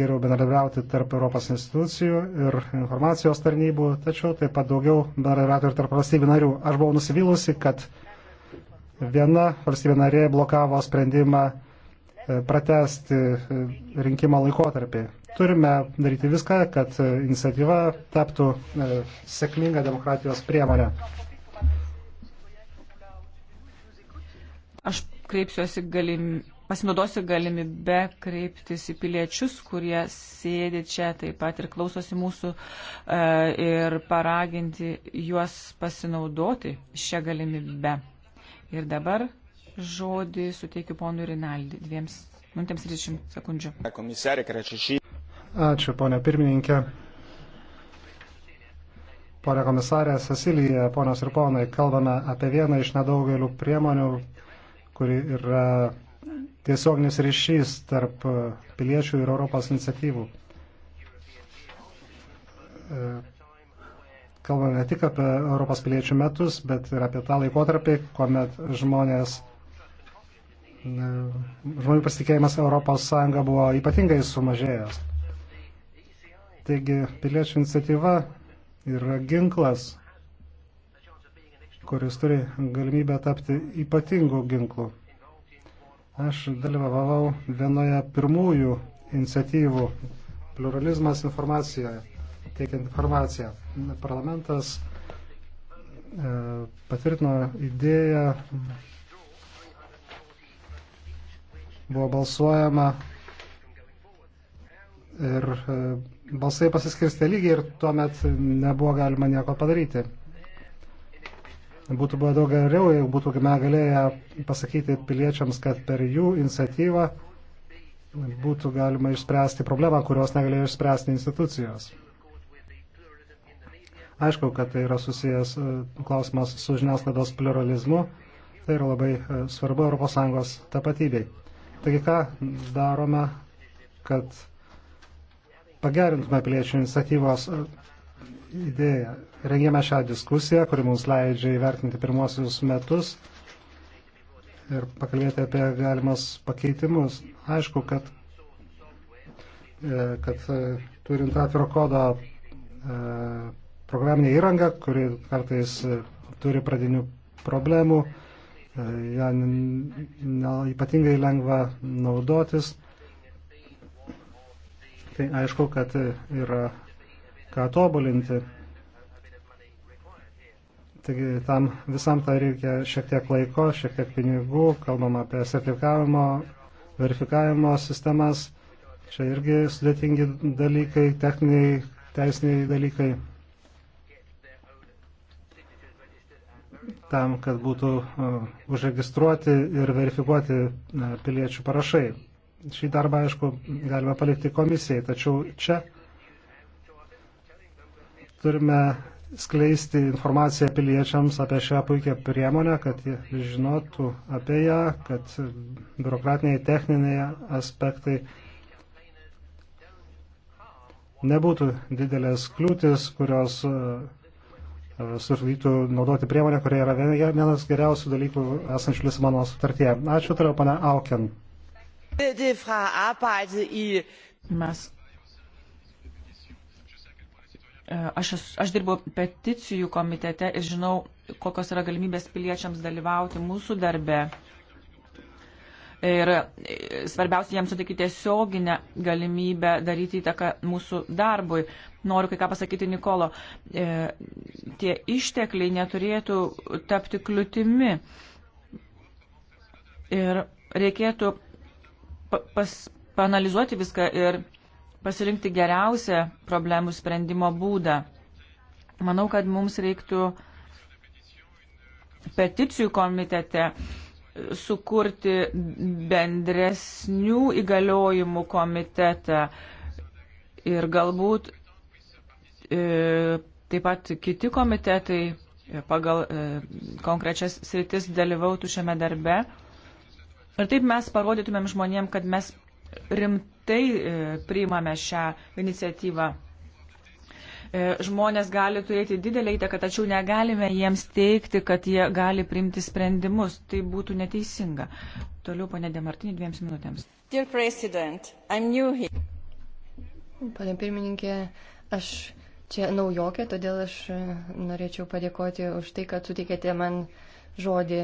geriau bendradarbiauti tarp Europos institucijų ir informacijos tarnybų, tačiau taip pat daugiau bendradarbiauti ir tarp valstybių narių. Aš buvau nusivylusi, kad viena valstybė narė blokavo sprendimą E, pratesti e, rinkimo laikotarpį. Turime daryti viską, kad iniciatyva taptų e, sėkminga demokratijos priemonė.
Aš kreipsiuosi galim, pasinaudosiu galimybę kreiptis į piliečius, kurie sėdi čia taip pat ir klausosi mūsų ir paraginti juos pasinaudoti šią galimybę. Ir dabar Žodį suteikiu ponui Rinaldi dviems minutėms 30 sekundžių.
Ačiū, ponė pirmininkė. Pone komisarė Cecilija, ponios ir ponai, kalbame apie vieną iš nedaugelių priemonių, kuri yra tiesioginis ryšys tarp piliečių ir Europos iniciatyvų. Kalbame ne tik apie Europos piliečių metus, bet ir apie tą laikotarpį, kuomet žmonės žmonių pasitikėjimas ES buvo ypatingai sumažėjęs. Taigi piliečių iniciatyva yra ginklas, kuris turi galimybę tapti ypatingų ginklų. Aš dalyvavau vienoje pirmųjų iniciatyvų pluralizmas informacijoje, teikiant informaciją. Parlamentas e, patvirtino idėją buvo balsuojama ir e, balsai pasiskirstė lygiai ir tuomet nebuvo galima nieko padaryti. Būtų buvę daug geriau, jeigu būtų galėję pasakyti piliečiams, kad per jų iniciatyvą būtų galima išspręsti problemą, kurios negalėjo išspręsti institucijos. Aišku, kad tai yra susijęs e, klausimas su žiniasklaidos pluralizmu. Tai yra labai e, svarbu ES tapatybei. Taigi ką darome, kad pagerintume piliečių iniciatyvos idėją. Rengėme šią diskusiją, kuri mums leidžia įvertinti pirmosius metus ir pakalbėti apie galimas pakeitimus. Aišku, kad, e, kad e, turint atviro kodą e, programinę įrangą, kuri kartais turi pradinių problemų, E, ją ja, ypatingai lengva naudotis. Tai aišku, kad yra ką tobulinti. Taigi tam visam tai reikia šiek tiek laiko, šiek tiek pinigų, kalbam apie sertifikavimo, verifikavimo sistemas. Čia irgi sudėtingi dalykai, techniniai, teisiniai dalykai. tam, kad būtų užregistruoti ir verifikuoti piliečių parašai. Šį darbą, aišku, galima palikti komisijai, tačiau čia turime skleisti informaciją piliečiams apie šią puikią priemonę, kad jie žinotų apie ją, kad biurokratiniai techniniai aspektai nebūtų didelės kliūtis, kurios surgdytų naudoti priemonę, kurie yra vienas geriausių dalykų esančių Lisabono sutartyje. Ačiū, turiu pana Auken.
Mes. E, aš, aš dirbu peticijų komitete ir žinau, kokios yra galimybės piliečiams dalyvauti mūsų darbe. Ir e, svarbiausia, jiems suteikti tiesioginę galimybę daryti įtaką mūsų darbui noriu kai ką pasakyti Nikolo. E, tie ištekliai neturėtų tapti kliūtimi. Ir reikėtų pas, panalizuoti viską ir pasirinkti geriausią problemų sprendimo būdą. Manau, kad mums reiktų peticijų komitete sukurti bendresnių įgaliojimų komitetą ir galbūt E, taip pat kiti komitetai e, pagal e, konkrečias sritis dalyvautų šiame darbe. Ir taip mes parodytumėm žmonėm, kad mes rimtai priimame šią iniciatyvą. Žmonės gali turėti didelį įtaką, tačiau negalime jiems teikti, kad jie gali priimti sprendimus. Tai būtų neteisinga. Toliau, ponė Demartinė, dviems minutėms.
Pane pirmininkė, aš čia naujokė, todėl aš e, norėčiau padėkoti už tai, kad suteikėte man žodį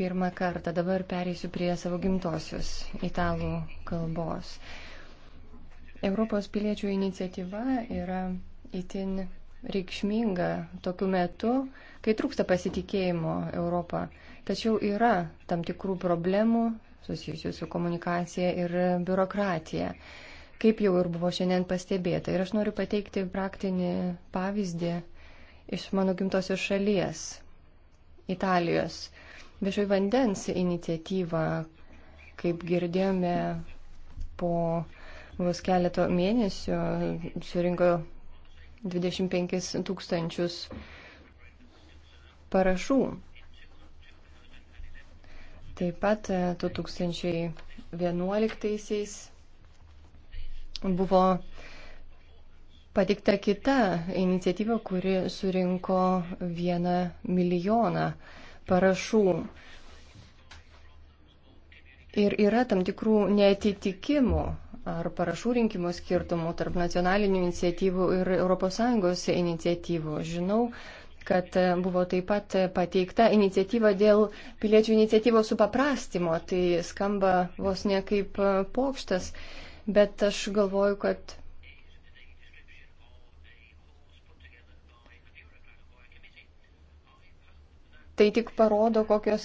pirmą kartą. Dabar pereisiu prie savo gimtosios italų kalbos. Europos piliečių iniciatyva yra itin reikšminga tokiu metu, kai trūksta pasitikėjimo Europą. Tačiau yra tam tikrų problemų susijusių su komunikacija ir biurokratija kaip jau ir buvo šiandien pastebėta. Ir aš noriu pateikti praktinį pavyzdį iš mano gimtosios šalies, Italijos. Viešai vandens iniciatyva, kaip girdėjome, po vos keleto mėnesių surinko 25 tūkstančius parašų. Taip pat 2011 eh, buvo pateikta kita iniciatyva, kuri surinko vieną milijoną parašų. Ir yra tam tikrų netitikimų ar parašų rinkimo skirtumų tarp nacionalinių iniciatyvų ir ES iniciatyvų. Žinau, kad buvo taip pat pateikta iniciatyva dėl piliečių iniciatyvos supaprastimo. Tai skamba vos ne kaip pokštas. Uh, bet aš galvoju, kad tai tik parodo, kokios,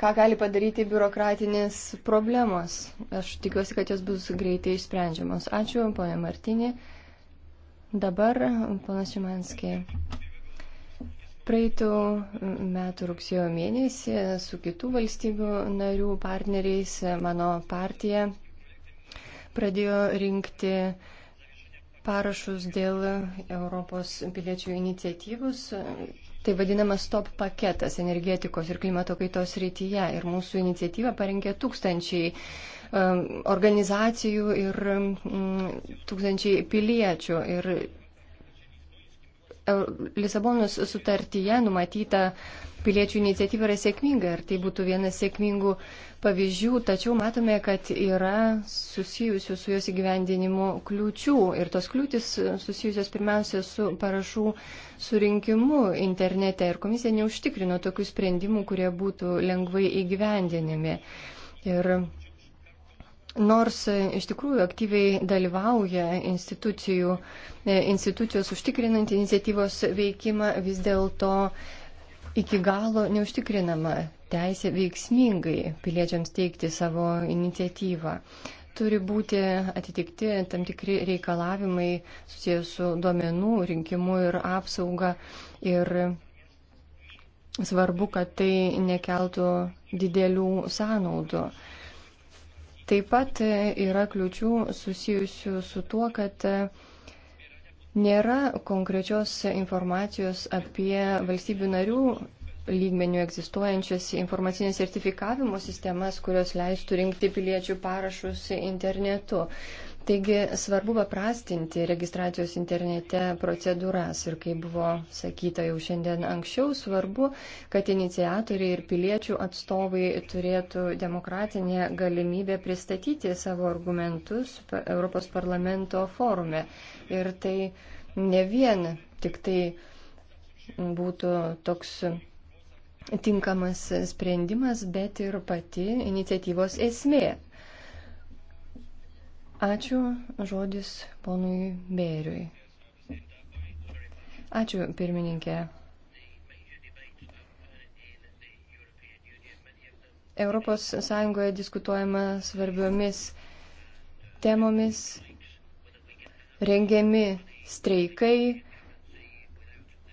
ką gali padaryti biurokratinės problemos. Aš tikiuosi, kad jos bus greitai išsprendžiamos. Ačiū, ponė Martinė. Dabar, ponas Šimanskiai. Praeitų metų rugsėjo mėnesį su kitų valstybių narių partneriais mano partija pradėjo rinkti parašus dėl Europos piliečių iniciatyvus. Tai vadinamas stop paketas energetikos ir klimato kaitos rytyje. Ir mūsų iniciatyvą parengė tūkstančiai um, organizacijų ir um, tūkstančiai piliečių. Ir Lisabonos sutartyje numatyta piliečių iniciatyva yra sėkminga ir tai būtų vienas sėkmingų pavyzdžių, tačiau matome, kad yra susijusių su jos įgyvendinimu kliūčių ir tos kliūtis susijusios pirmiausia su parašų surinkimu internete ir komisija neužtikrino tokių sprendimų, kurie būtų lengvai įgyvendinimi. Ir nors e, iš tikrųjų aktyviai dalyvauja institucijų, e, institucijos užtikrinant iniciatyvos veikimą, vis dėlto iki galo neužtikrinama teisė veiksmingai piliečiams teikti savo iniciatyvą. Turi būti atitikti tam tikri reikalavimai susijęs su duomenų rinkimu ir apsauga. Ir svarbu, kad tai nekeltų didelių sąnaudų. Taip pat e, yra kliučių susijusių su tuo, kad e, nėra konkrečios informacijos apie valstybių narių lygmenių egzistuojančias informacinės sertifikavimo sistemas, kurios leistų rinkti piliečių parašus internetu. Taigi svarbu paprastinti registracijos internete procedūras ir kaip buvo sakyta jau šiandien anksčiau, svarbu, kad inicijatoriai ir piliečių atstovai turėtų demokratinę galimybę pristatyti savo argumentus Europos parlamento forume. Ir tai ne vien tik tai būtų toks tinkamas sprendimas, bet ir pati iniciatyvos esmė. Ačiū žodis ponui Bėriui. Ačiū pirmininkė. Europos Sąjungoje diskutuojama svarbiomis temomis, rengiami streikai,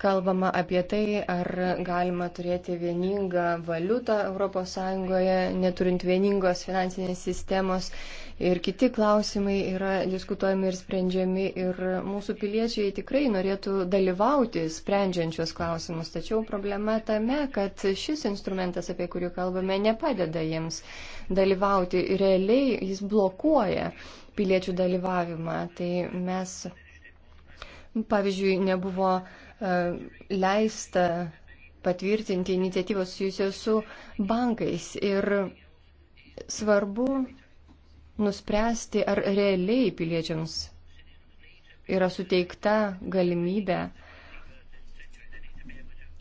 kalbama apie tai, ar galima turėti vieningą valiutą Europos Sąjungoje, neturint vieningos finansinės sistemos ir kiti klausimai yra diskutuojami ir sprendžiami ir mūsų piliečiai tikrai norėtų dalyvauti sprendžiančios klausimus. Tačiau problema tame, kad šis instrumentas, apie kurį kalbame, nepadeda jiems dalyvauti. Realiai jis blokuoja piliečių dalyvavimą. Tai mes, pavyzdžiui, nebuvo e, leista patvirtinti iniciatyvos susijusios su bankais. Ir svarbu nuspręsti, ar realiai piliečiams yra suteikta galimybė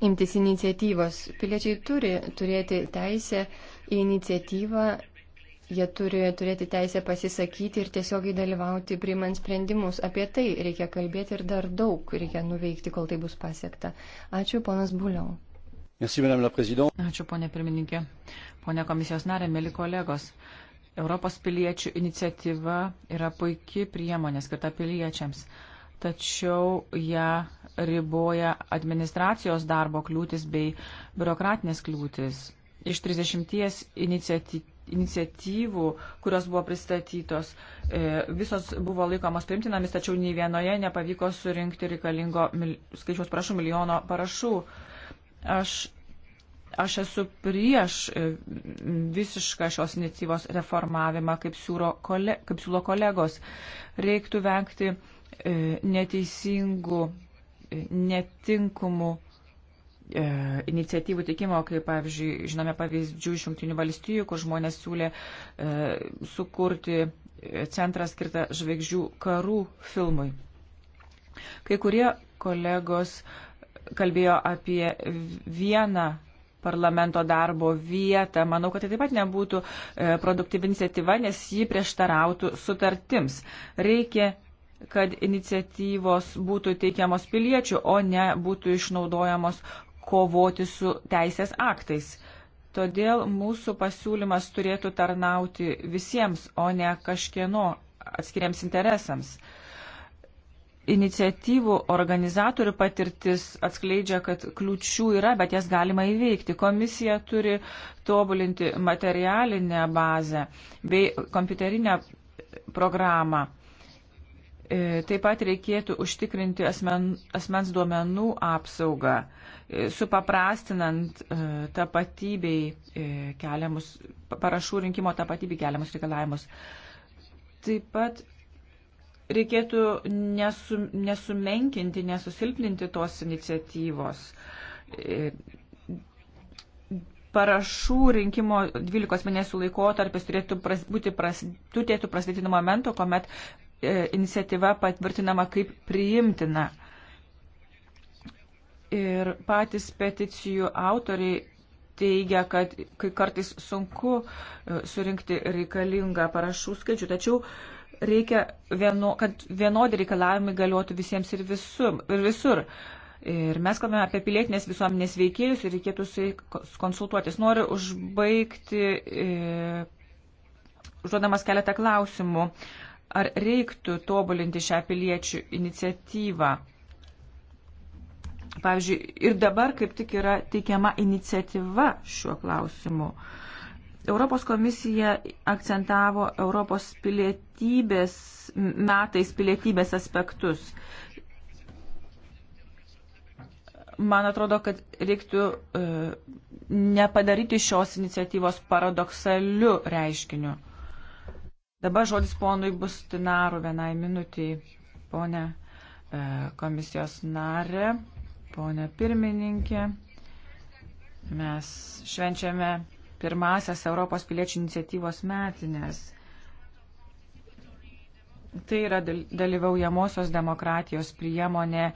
imtis iniciatyvos. Piliečiai turi turėti teisę į iniciatyvą, jie turi turėti teisę pasisakyti ir tiesiogiai dalyvauti priimant sprendimus. Apie tai reikia kalbėti ir dar daug reikia nuveikti, kol tai bus pasiekta. Ačiū, ponas Buliau. Merci, Ačiū, ponė pirmininkė. Pone komisijos narė, mėly kolegos. Europos
piliečių iniciatyva yra puikia priemonė skirta piliečiams, tačiau ją riboja administracijos darbo kliūtis bei biurokratinės kliūtis. Iš 30 iniciatyvų iniciatyvų, kurios buvo pristatytos, e, visos buvo laikomos primtinamis, tačiau nei vienoje nepavyko surinkti reikalingo skaičiaus prašų milijono parašų. Aš Aš esu prieš e, visišką šios iniciatyvos reformavimą, kaip, kole, kaip siūlo kolegos. Reiktų vengti e, neteisingų, e, netinkamų iniciatyvų tikimo, kaip pavyzdžiui, žinome pavyzdžių iš Junktinių valstijų, kur žmonės siūlė e, sukurti centrą skirtą žvaigždžių karų filmui. Kai kurie kolegos kalbėjo apie vieną parlamento darbo vietą. Manau, kad tai taip pat nebūtų e, produktyvi iniciatyva, nes ji prieštarautų sutartims. Reikia kad iniciatyvos būtų teikiamos piliečių, o ne būtų išnaudojamos kovoti su teisės aktais. Todėl mūsų pasiūlymas turėtų tarnauti visiems, o ne kažkieno atskiriams interesams iniciatyvų organizatorių patirtis atskleidžia, kad kliučių yra, bet jas galima įveikti. Komisija turi tobulinti materialinę bazę bei kompiuterinę programą. E, taip pat reikėtų užtikrinti asmen, asmens duomenų apsaugą, e, supaprastinant e, tapatybei keliamus, parašų rinkimo tapatybei keliamus reikalavimus. Taip pat reikėtų nesu, nesumenkinti, nesusilpninti tos iniciatyvos. E, parašų rinkimo 12 mėnesių laikotarpis turėtų, pras, būti pras, turėtų prasidėti nuo momento, kuomet e, iniciatyva patvirtinama kaip priimtina. Ir patys peticijų autoriai teigia, kad kai kartais sunku e, surinkti reikalingą parašų skaičių, tačiau e, reikia, vieno, kad vienodi reikalavimai galiotų visiems ir, visum, ir visur. Ir mes kalbame apie pilietinės visuomenės veikėjus ir reikėtų su jais konsultuotis. Noriu užbaigti, e, užduodamas keletą klausimų. Ar reiktų tobulinti šią piliečių iniciatyvą? Pavyzdžiui, ir dabar kaip tik yra teikiama iniciatyva šiuo klausimu. E, Europos komisija akcentavo Europos pilietybės metais pilietybės aspektus. Man atrodo, kad reiktų e, nepadaryti šios iniciatyvos paradoksaliu reiškiniu. Dabar žodis ponui bus tinaru vienai minutiai, ponė e, komisijos narė, ponė pirmininkė. Mes švenčiame pirmasias Europos piliečių iniciatyvos metinės. Tai yra dalyvaujamosios demokratijos priemonė.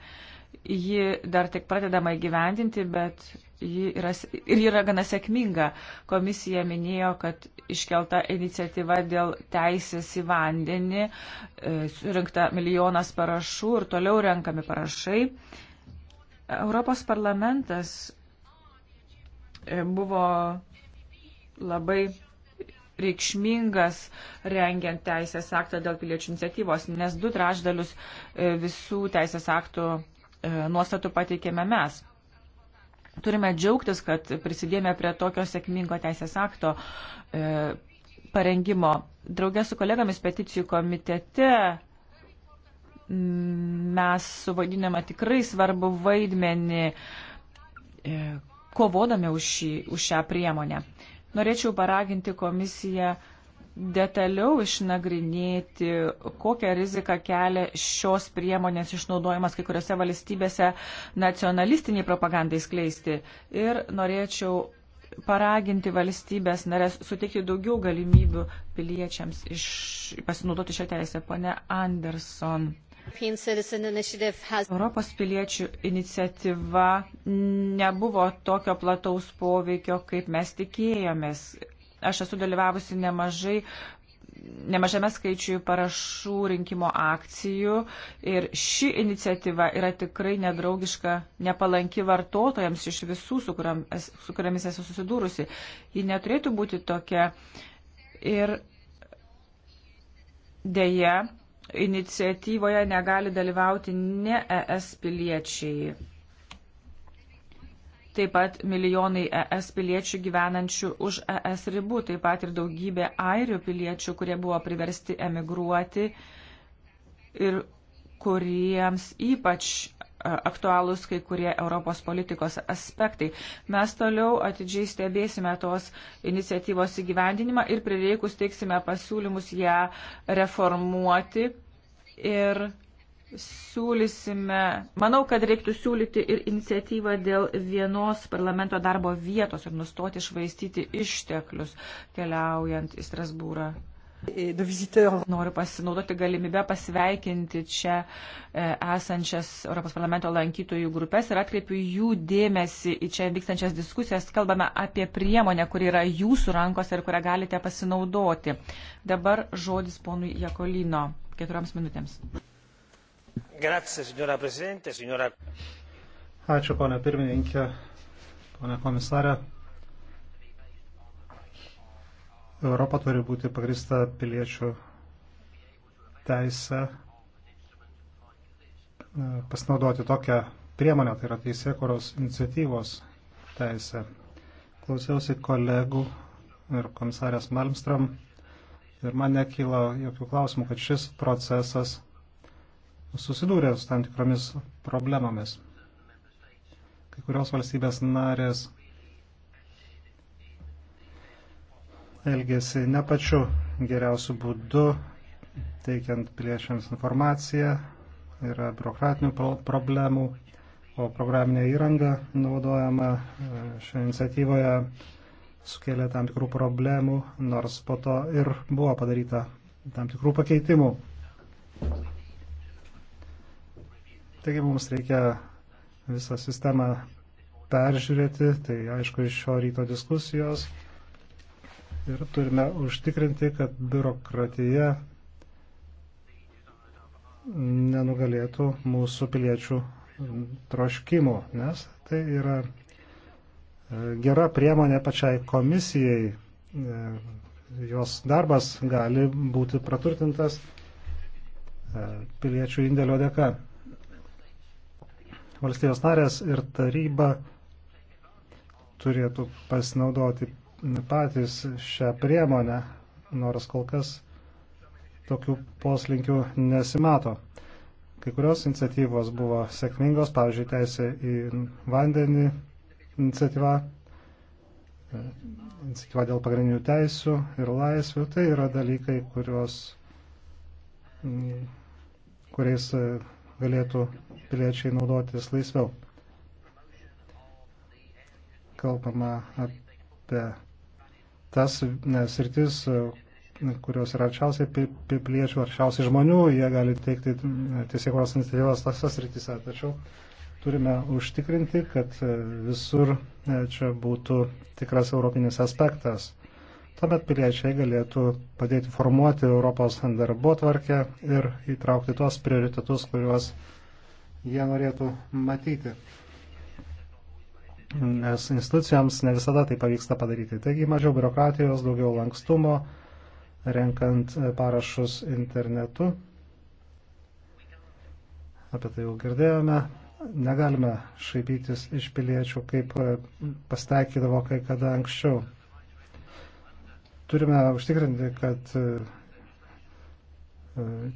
Ji dar tik pradedama įgyvendinti, bet ji yra, ir yra gana sėkminga. Komisija minėjo, kad iškelta iniciatyva dėl teisės į vandenį, e, surinkta milijonas parašų ir toliau renkami parašai. Europos parlamentas e, buvo labai reikšmingas rengiant teisės aktą dėl piliečių iniciatyvos, nes du traždalius e, visų teisės aktų e, nuostatų pateikėme mes. Turime džiaugtis, kad prisidėjome prie tokio sėkmingo teisės akto e, parengimo. Draugės su kolegomis peticijų komitete mes suvaidiname tikrai svarbu vaidmenį kovodami už, šį, už šią priemonę. Norėčiau paraginti komisiją detaliau išnagrinėti, kokią riziką kelia šios priemonės išnaudojimas kai kuriuose valstybėse nacionalistiniai propagandai skleisti. Ir norėčiau paraginti valstybės narės suteikti daugiau galimybių piliečiams iš, pasinaudoti šią teisę. Pone Anderson. Europos piliečių iniciatyva nebuvo tokio plataus poveikio, kaip mes tikėjomės. Aš esu dalyvavusi nemažai nemažame skaičiuje parašų rinkimo akcijų ir ši iniciatyva yra tikrai nedraugiška, nepalanki vartotojams iš visų, su, kuriam, su kuriamis esu susidūrusi. Ji neturėtų būti tokia ir dėja iniciatyvoje negali dalyvauti ne ES piliečiai. Taip pat milijonai ES piliečių gyvenančių už ES ribų, taip pat ir daugybė airių piliečių, kurie buvo priversti emigruoti ir kuriems ypač aktualūs kai kurie Europos politikos aspektai. Mes toliau atidžiai stebėsime tos iniciatyvos įgyvendinimą ir prireikus teiksime pasiūlymus ją reformuoti ir siūlysime, manau, kad reiktų siūlyti ir iniciatyvą dėl vienos parlamento darbo vietos ir nustoti švaistyti išteklius keliaujant į Strasbūrą. Noriu pasinaudoti galimybę pasveikinti čia e, esančias Europos parlamento lankytojų grupės ir atkreipiu jų dėmesį į čia vykstančias diskusijas. Kalbame apie priemonę, kuri yra jūsų rankose ir kurią galite pasinaudoti. Dabar žodis ponui Jakolino. Keturioms minutėms.
Grazie, signora Presidente, signora. Ačiū, ponia pirmininkė, ponia komisarė. Europa turi būti pagrista piliečių teisę e, pasinaudoti tokią priemonę, tai yra teisėkuros iniciatyvos teisę. Klausiausi kolegų ir komisarės Malmstram ir man nekyla jokių klausimų, kad šis procesas susidūrė su tam tikromis problemomis. Kai kurios valstybės narės elgėsi ne pačiu geriausiu būdu, teikiant piliečiams informaciją, yra biurokratinių problemų, o programinė įranga naudojama e, šioje iniciatyvoje sukėlė tam tikrų problemų, nors po to ir buvo padaryta tam tikrų pakeitimų. Taigi mums reikia visą sistemą peržiūrėti, tai aišku iš šio ryto diskusijos ir turime užtikrinti, kad biurokratija nenugalėtų mūsų piliečių troškimų, nes tai yra e, gera priemonė pačiai komisijai. E, jos darbas gali būti praturtintas e, piliečių indėlio dėka. Valstijos narės ir taryba turėtų pasinaudoti patys šią priemonę, nors kol kas tokių poslinkių nesimato. Kai kurios iniciatyvos buvo sėkmingos, pavyzdžiui, teisė į vandenį iniciatyva, iniciatyva dėl pagrindinių teisių ir laisvių. Tai yra dalykai, kurios, kuriais galėtų piliečiai naudotis laisviau. Kalbama apie tas sritis, e, kurios yra arčiausiai piliečių, arčiausiai žmonių, jie gali teikti e, tiesiogos iniciatyvas tose sritise. Tačiau turime užtikrinti, kad e, visur čia būtų tikras europinis aspektas. Tuomet piliečiai galėtų padėti formuoti Europos darbo tvarkę ir įtraukti tuos prioritetus, kuriuos jie norėtų matyti nes institucijams ne visada tai pavyksta padaryti. Taigi mažiau biurokratijos, daugiau lankstumo, renkant e, parašus internetu. Apie tai jau girdėjome. Negalime šaipytis iš piliečių, kaip e, pasteikydavo kai kada anksčiau. Turime užtikrinti, kad e,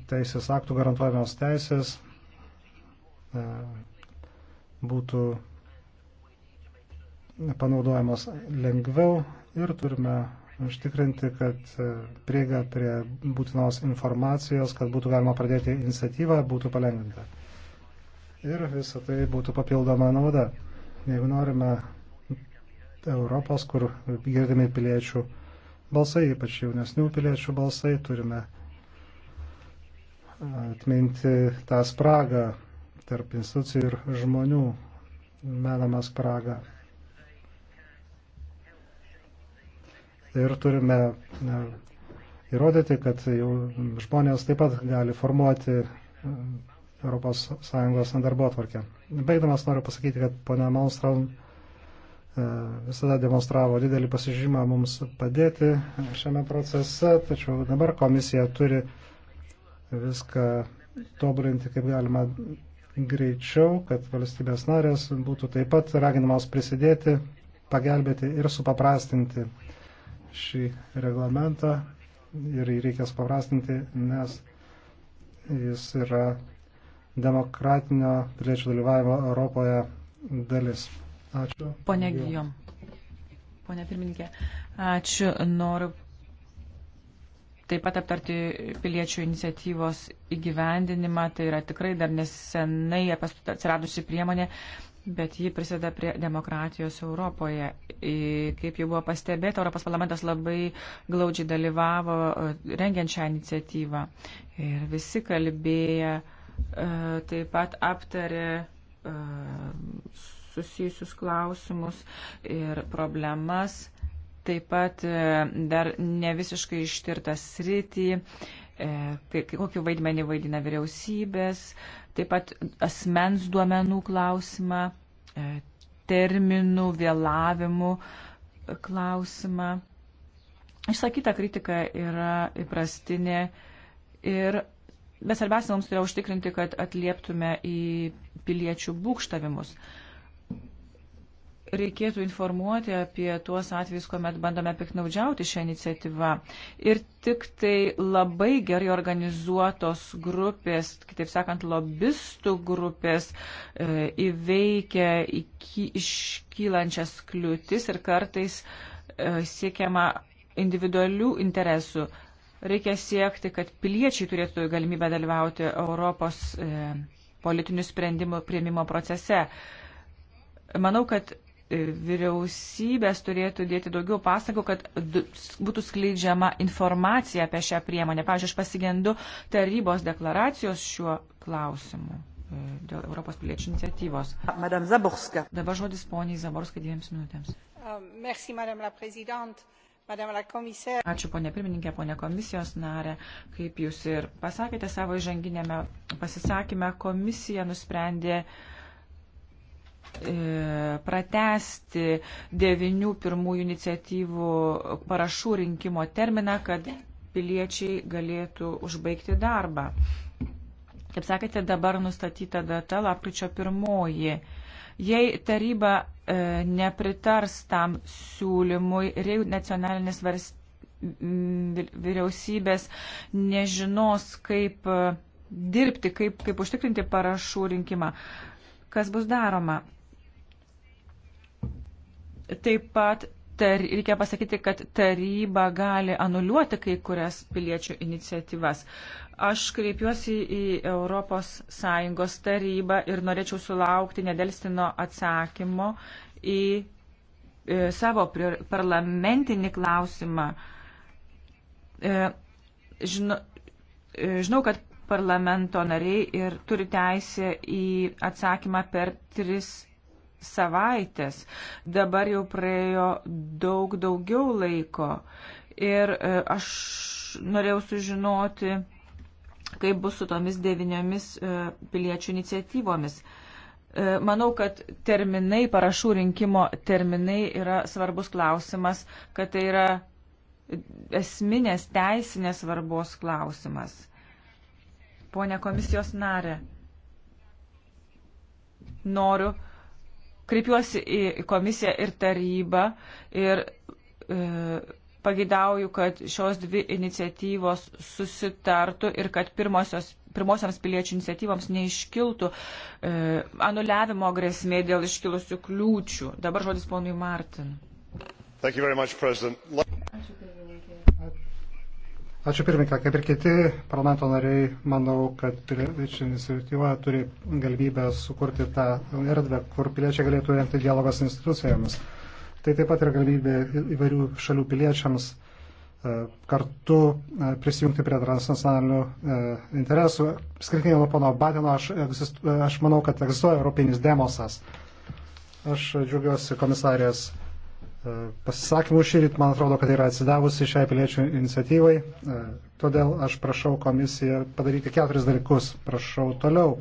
teisės aktų garantuojamos teisės būtų panaudojamos lengviau ir turime užtikrinti, kad prieiga prie būtinos informacijos, kad būtų galima pradėti iniciatyvą, būtų palengvinta. Ir visą tai būtų papildoma nauda. Jeigu norime Europos, kur girdime piliečių balsai, ypač jaunesnių piliečių balsai, turime atminti tą spragą tarp institucijų ir žmonių, menamą spragą. ir turime įrodyti, kad jau žmonės taip pat gali formuoti ES darbo atvarkę. Baigdamas noriu pasakyti, kad ponia Malmström e, visada demonstravo didelį pasižymą mums padėti šiame procese, tačiau dabar komisija turi viską tobulinti kaip galima greičiau, kad valstybės narės būtų taip pat raginamos prisidėti, pagelbėti ir supaprastinti šį reglamentą ir jį reikia supaprastinti, nes jis yra demokratinio piliečių dalyvavimo Europoje dalis. Ačiū. Pone Gijom.
Pone pirmininkė, ačiū. Noriu taip pat aptarti piliečių iniciatyvos įgyvendinimą. Tai yra tikrai dar nesenai atsiradusi priemonė bet ji prisideda prie demokratijos Europoje. Kaip jau buvo pastebėta, Europos parlamentas labai glaudžiai dalyvavo e, rengiant šią iniciatyvą. Ir visi kalbėję e, taip pat aptarė e, susijusius klausimus ir problemas, taip pat dar ne visiškai ištirtas sritį, kokiu vaidmenį vaidina vyriausybės, taip pat asmens duomenų klausimą, e, terminų, vėlavimų e, klausimą. Išsakyta kritika yra įprastinė ir bet svarbiausia mums yra užtikrinti, kad atlieptume į piliečių būkštavimus reikėtų informuoti apie tuos atvejus, kuomet bandome piknaudžiauti šią iniciatyvą. Ir tik tai labai gerai organizuotos grupės, kitaip sakant, lobistų grupės e, įveikia iki, iškylančias kliūtis ir kartais e, siekiama individualių interesų. Reikia siekti, kad piliečiai turėtų galimybę dalyvauti Europos e, politinių sprendimų prieimimo procese. Manau, kad vyriausybės turėtų dėti daugiau pasakų, kad būtų skleidžiama informacija apie šią priemonę. Pavyzdžiui, aš pasigendu tarybos deklaracijos šiuo klausimu e, dėl Europos piliečių iniciatyvos. Madame Zaborska. Dabar žodis poniai Zaborska dviems minutėms. Uh, merci, madame la prezidente. Ačiū ponė pirmininkė, ponė komisijos narė. Kaip jūs ir pasakėte savo įžanginėme pasisakymę, komisija nusprendė uh, E, pratesti devinių pirmųjų iniciatyvų parašų rinkimo terminą, kad piliečiai galėtų užbaigti darbą. Kaip sakėte, dabar nustatyta data lapkričio pirmoji. Jei taryba e, nepritars tam siūlymui ir jei nacionalinės varst... vyriausybės nežinos, kaip e, dirbti, kaip, kaip užtikrinti parašų rinkimą, kas bus daroma? Taip pat tar, reikia pasakyti, kad taryba gali anuliuoti kai kurias piliečių iniciatyvas. Aš kreipiuosi į ES tarybą ir norėčiau sulaukti nedelstino atsakymo į e, savo parlamentinį klausimą. E, žinau, e, žinau kad parlamento nariai ir turi teisę į atsakymą per tris savaitės. Dabar jau praėjo daug daugiau laiko. Ir e, aš norėjau sužinoti, kaip bus su tomis devyniomis e, piliečių iniciatyvomis. E, manau, kad terminai, parašų rinkimo terminai yra svarbus klausimas, kad tai yra esminės teisinės svarbos klausimas. Pone komisijos narė, noriu Kreipiuosi į komisiją ir tarybą ir e, pagidauju, kad šios dvi iniciatyvos susitartų ir kad pirmosios, pirmosiams piliečių iniciatyvams neiškiltų e, anuliavimo grėsmė dėl iškilusių kliūčių. Dabar žodis ponui Martin.
Much, Ačiū, Ačiū pirmininkai, kaip ir kiti parlamento nariai, manau, kad piliečių iniciatyva turi galimybę sukurti tą erdvę, kur piliečiai galėtų rengti dialogą su institucijomis. Tai taip pat yra galimybė įvairių šalių piliečiams e, kartu e, prisijungti prie transnacionalinių e, interesų. Skirtingai nuo pono Batino, aš, egzistu, aš manau, kad egzistuoja europinis demosas. Aš džiaugiuosi komisarės pasisakymų šįryt, man atrodo, kad yra atsidavusi šiai piliečių iniciatyvai. E, todėl aš prašau komisiją padaryti keturis dalykus. Prašau toliau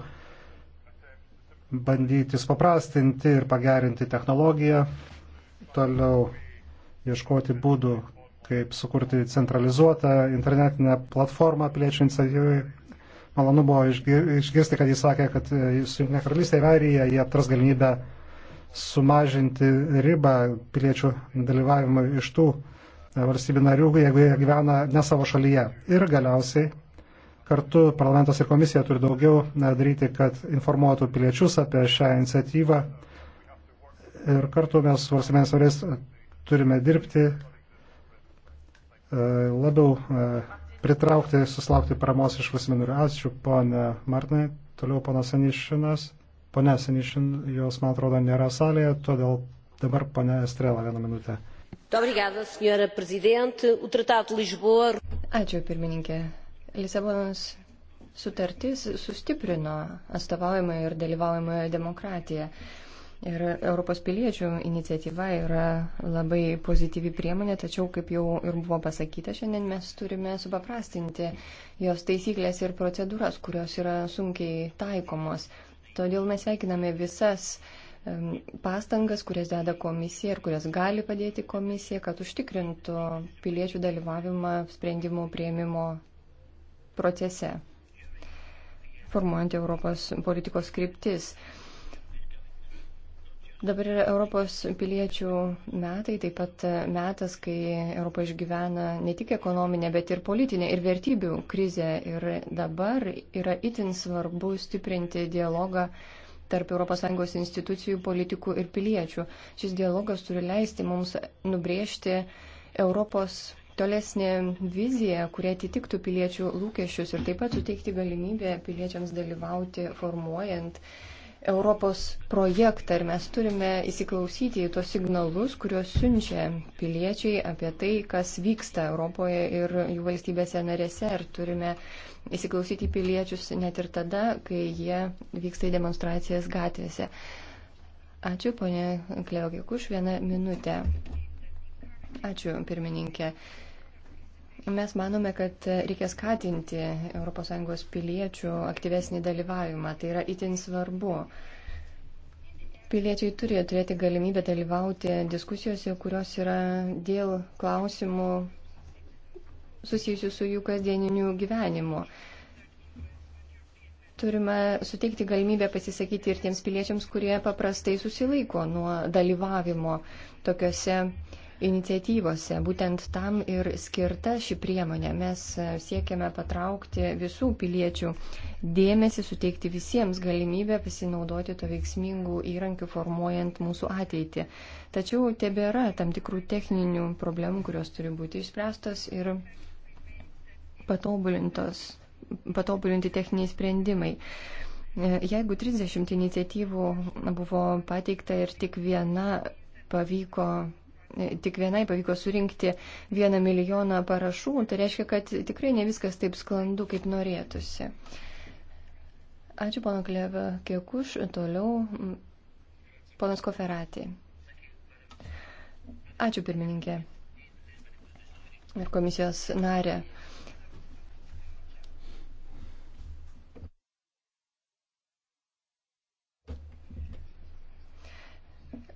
bandyti supaprastinti ir pagerinti technologiją, toliau ieškoti būdų, kaip sukurti centralizuotą internetinę platformą piliečių iniciatyvai. Malonu buvo išgirsti, kad jis sakė, kad e, su Junktinė karalystė ir Airija jie aptars galimybę sumažinti ribą piliečių dalyvavimą iš tų e, valstybių narių, jeigu jie gyvena ne savo šalyje. Ir galiausiai kartu parlamentas ir komisija turi daugiau e, daryti, kad informuotų piliečius apie šią iniciatyvą. Ir kartu mes su valstybės varės turime dirbti e, labiau pritraukti, susilaukti paramos iš valstybės narių. Ačiū, ponė Martinai. Toliau ponas Anišinas. Pone Senišin, jos, man atrodo, nėra salėje, todėl dabar pone Estrela vieną minutę.
Ačiū, pirmininkė. Lisabonos sutartis sustiprino atstovaujamą ir dalyvaujamą demokratiją. Ir Europos piliečių iniciatyva yra labai pozityvi priemonė, tačiau, kaip jau ir buvo pasakyta, šiandien mes turime supaprastinti jos taisyklės ir procedūras, kurios yra sunkiai taikomos. Todėl mes sveikiname visas pastangas, kurias deda komisija ir kurias gali padėti komisija, kad užtikrintų piliečių dalyvavimą sprendimų prieimimo procese, formuojant Europos politikos kryptis. Dabar yra Europos piliečių metai, taip pat metas, kai Europa išgyvena ne tik ekonominę, bet ir politinę ir vertybių krizę. Ir dabar yra itin svarbu stiprinti dialogą tarp ES institucijų, politikų ir piliečių. Šis dialogas turi leisti mums nubrėžti Europos tolesnė vizija, kurie atitiktų piliečių lūkesčius ir taip pat suteikti galimybę piliečiams dalyvauti formuojant uh, Europos projektą ir mes turime įsiklausyti į tos signalus, kuriuos siunčia piliečiai apie tai, kas vyksta Europoje ir jų valstybėse narėse ir turime įsiklausyti į piliečius net ir tada, kai jie vyksta į demonstracijas gatvėse. Ačiū, ponė Kleogekuš, vieną minutę. Ačiū, pirmininkė. Mes manome, kad reikia skatinti ES piliečių aktyvesnį dalyvavimą. Tai yra itin svarbu. Piliečiai turi turėti galimybę dalyvauti diskusijose, kurios yra dėl klausimų susijusių su jų kasdieniniu gyvenimu turime suteikti galimybę pasisakyti ir tiems piliečiams, kurie paprastai susilaiko nuo dalyvavimo tokiuose iniciatyvose. Būtent tam ir skirta ši priemonė. Mes e, siekiame patraukti visų piliečių dėmesį, suteikti visiems galimybę pasinaudoti to veiksmingų įrankių formuojant mūsų ateitį. Tačiau tebėra tam tikrų techninių problemų, kurios turi būti išspręstos ir patobulintos, patobulinti techniniai sprendimai. E, jeigu 30 iniciatyvų buvo pateikta ir tik viena pavyko tik vienai pavyko surinkti vieną milijoną parašų, tai reiškia, kad tikrai ne viskas taip sklandu, kaip norėtųsi. Ačiū, pono Kleva Kiekuš, toliau ponas Koferatė. Ačiū, pirmininkė ir komisijos narė.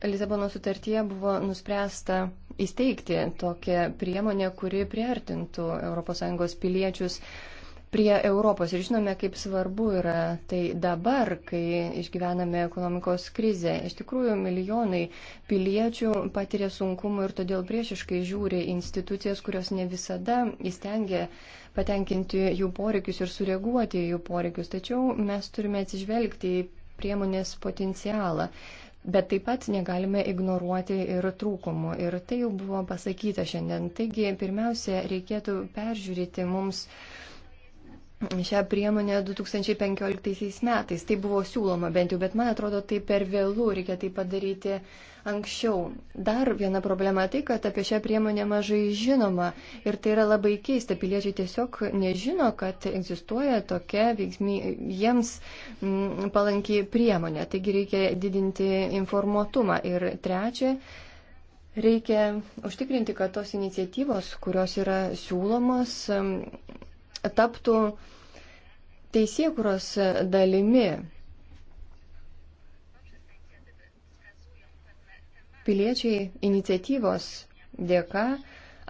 Lisabono sutartyje buvo nuspręsta įsteigti tokią priemonę, kuri priartintų ES piliečius prie Europos. Ir žinome, kaip svarbu yra tai dabar, kai išgyvename ekonomikos krizę. Iš tikrųjų, milijonai piliečių patiria sunkumų ir todėl priešiškai žiūri institucijas, kurios ne visada įstengia patenkinti jų poreikius ir sureaguoti į jų poreikius. Tačiau mes turime atsižvelgti į priemonės potencialą. Bet taip pat negalime ignoruoti ir trūkumų. Ir tai jau buvo pasakyta šiandien. Taigi, pirmiausia, reikėtų peržiūrėti mums šią priemonę 2015 metais. Tai buvo siūloma bent jau, bet man atrodo, tai per vėlų reikia tai padaryti anksčiau. Dar viena problema tai, kad apie šią priemonę mažai žinoma ir tai yra labai keista. Piliečiai tiesiog nežino, kad egzistuoja tokia veiksmi, jiems mm, palanki priemonė. Taigi reikia didinti informuotumą. Ir trečia, reikia užtikrinti, kad tos iniciatyvos, kurios yra siūlomos, mm, taptų teisėkuros dalimi. Piliečiai iniciatyvos dėka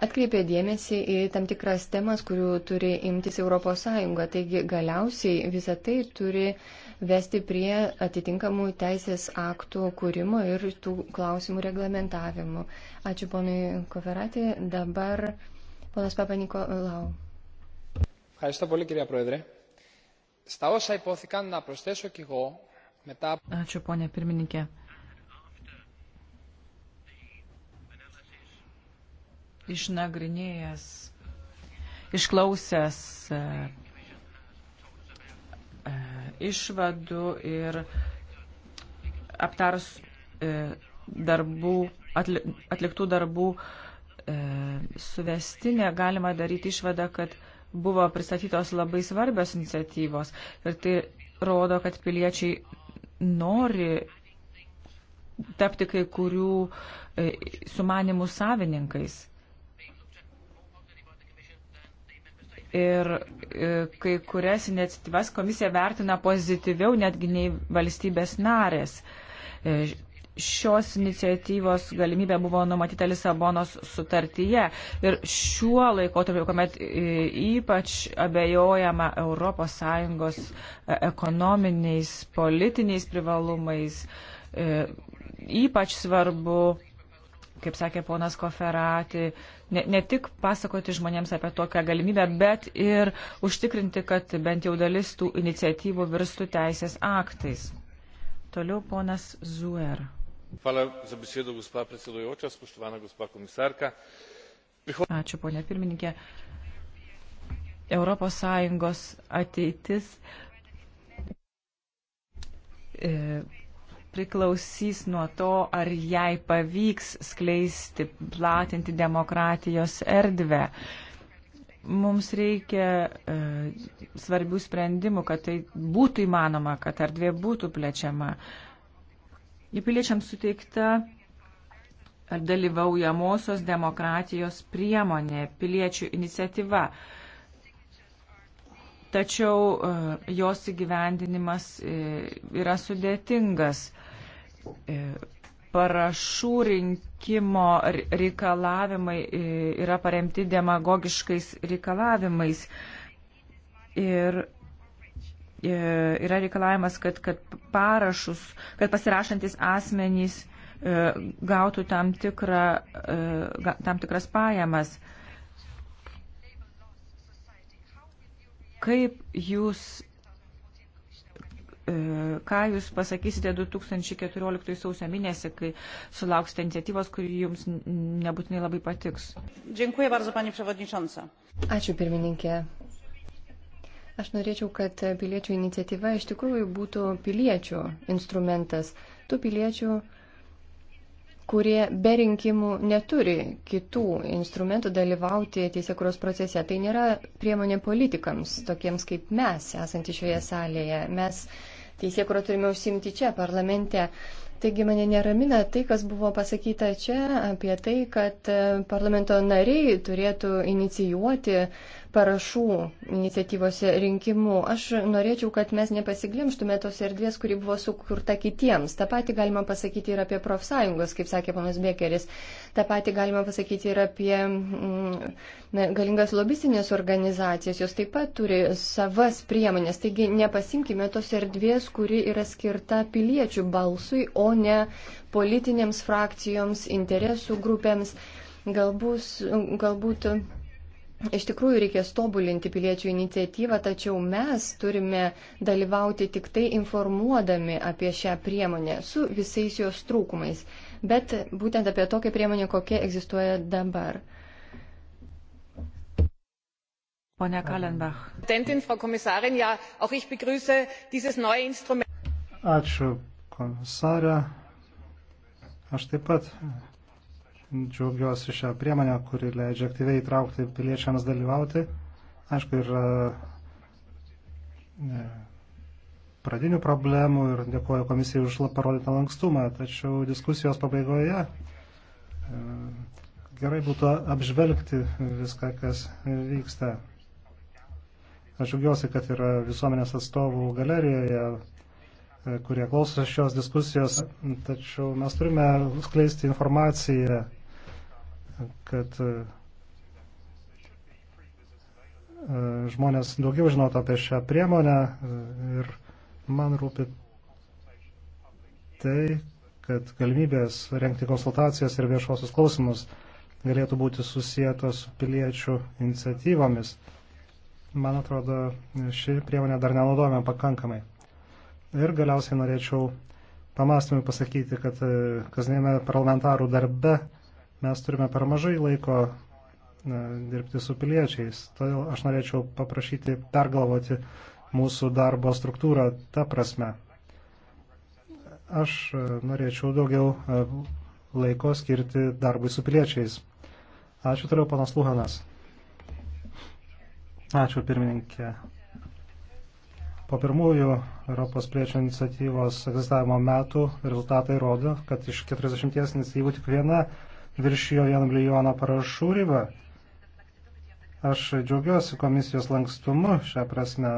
atkreipė dėmesį į tam tikras temas, kurių turi imtis ES. Taigi galiausiai visa tai turi vesti prie atitinkamų teisės aktų kūrimo ir tų klausimų reglamentavimo. Ačiū ponui Koferatė. Dabar ponas Papaniko Lau.
Ευχαριστώ πολύ, κυρία Πρόεδρε. Στα όσα υπόθηκαν να προσθέσω κι εγώ μετά...
Ačiū, ponė pirmininkė. Išnagrinėjęs, išklausęs e, e, išvadų ir aptarus e, darbų, atliktų darbų suvestinę, galima daryti išvadą, kad buvo pristatytos labai svarbios iniciatyvos ir tai rodo, kad piliečiai nori tapti kai kurių e, sumanimų savininkais. Ir e, kai kurias iniciatyvas komisija vertina pozityviau netgi nei valstybės narės. E, šios iniciatyvos galimybė buvo numatyta Lisabonos sutartyje. Ir šiuo laikotarpiu, kuomet e, ypač abejojama ES e, ekonominiais, politiniais privalumais, e, ypač svarbu, kaip sakė ponas Koferati, ne, ne tik pasakoti žmonėms apie tokią galimybę, bet ir užtikrinti, kad bent jau dalis tų iniciatyvų virstų teisės aktais. Toliau ponas Zuer. Ačiū, ponė pirmininkė. Europos Sąjungos ateitis e, priklausys nuo to, ar jai pavyks skleisti, platinti demokratijos erdvę. Mums reikia e, svarbių sprendimų, kad tai būtų įmanoma, kad erdvė būtų plečiama. E, Į piliečiams suteikta dalyvaujamosios demokratijos priemonė, piliečių iniciatyva. Tačiau e, jos įgyvendinimas e, yra sudėtingas. E, parašų rinkimo reikalavimai yra paremti demagogiškais reikalavimais. Ir E, yra reikalavimas, kad, kad parašus, kad pasirašantis asmenys e, gautų tam, tikrą, e, tam tikras pajamas. Kaip jūs, ką jūs pasakysite 2014 sausio mėnesį, kai sulauksite iniciatyvos, kuri jums nebūtinai labai patiks? Dėkuoju, varzu, panie Ačiū,
pirmininkė. Aš norėčiau, kad piliečių iniciatyva iš tikrųjų būtų piliečių instrumentas. Tų piliečių, kurie be rinkimų neturi kitų instrumentų dalyvauti teisėkuros procese. Tai nėra priemonė politikams, tokiems kaip mes, esantys šioje salėje. Mes teisėkurą turime užsimti čia, parlamente. Taigi mane neramina tai, kas buvo pasakyta čia apie tai, kad parlamento nariai turėtų inicijuoti parašų iniciatyvose rinkimų. Aš norėčiau, kad mes nepasiglimštume tos erdvės, kuri buvo sukurta kitiems. Ta pati galima pasakyti ir apie profsąjungas, kaip sakė panas Bekeris. Ta pati galima pasakyti ir apie mm, galingas lobistinės organizacijas. Jos taip pat turi savas priemonės. Taigi nepasimkime tos erdvės, kuri yra skirta piliečių balsui, o ne politinėms frakcijoms, interesų grupėms. Galbūt, galbūt Iš tikrųjų reikės tobulinti piliečių iniciatyvą, tačiau mes turime dalyvauti tik tai informuodami apie šią priemonę su visais jos trūkumais, bet būtent apie tokią priemonę, kokia egzistuoja dabar. Pone Kalenbach.
Ačiū, komisarė. Aš taip pat džiaugiuosi šią priemonę, kuri leidžia aktyviai įtraukti piliečiams dalyvauti. Aišku, yra e, pradinių problemų ir dėkuoju komisijai už parodytą lankstumą, tačiau diskusijos pabaigoje e, gerai būtų apžvelgti viską, kas vyksta. Aš džiaugiuosi, kad yra visuomenės atstovų galerijoje e, kurie klausosi šios diskusijos, tačiau mes turime skleisti informaciją kad e, žmonės daugiau žinotų apie šią priemonę e, ir man rūpi tai, kad galimybės renkti konsultacijas ir viešosius klausimus galėtų būti susijętos su piliečių iniciatyvomis. Man atrodo, ši priemonė dar nenaudojame pakankamai. Ir galiausiai norėčiau pamastymui pasakyti, kad e, kasdienėme parlamentarų darbe mes turime per mažai laiko e, dirbti su piliečiais. Todėl tai aš norėčiau paprašyti pergalvoti mūsų darbo struktūrą tą prasme. Aš e, norėčiau daugiau e, laiko skirti darbui su piliečiais. Ačiū toliau, panas Luhanas. Ačiū, pirmininkė. Po pirmųjų Europos priečio iniciatyvos egzistavimo metų rezultatai rodo, kad iš 40 iniciatyvų tik viena viršijo 1 milijono parašų ribą. Aš džiaugiuosi komisijos lankstumu šią prasme.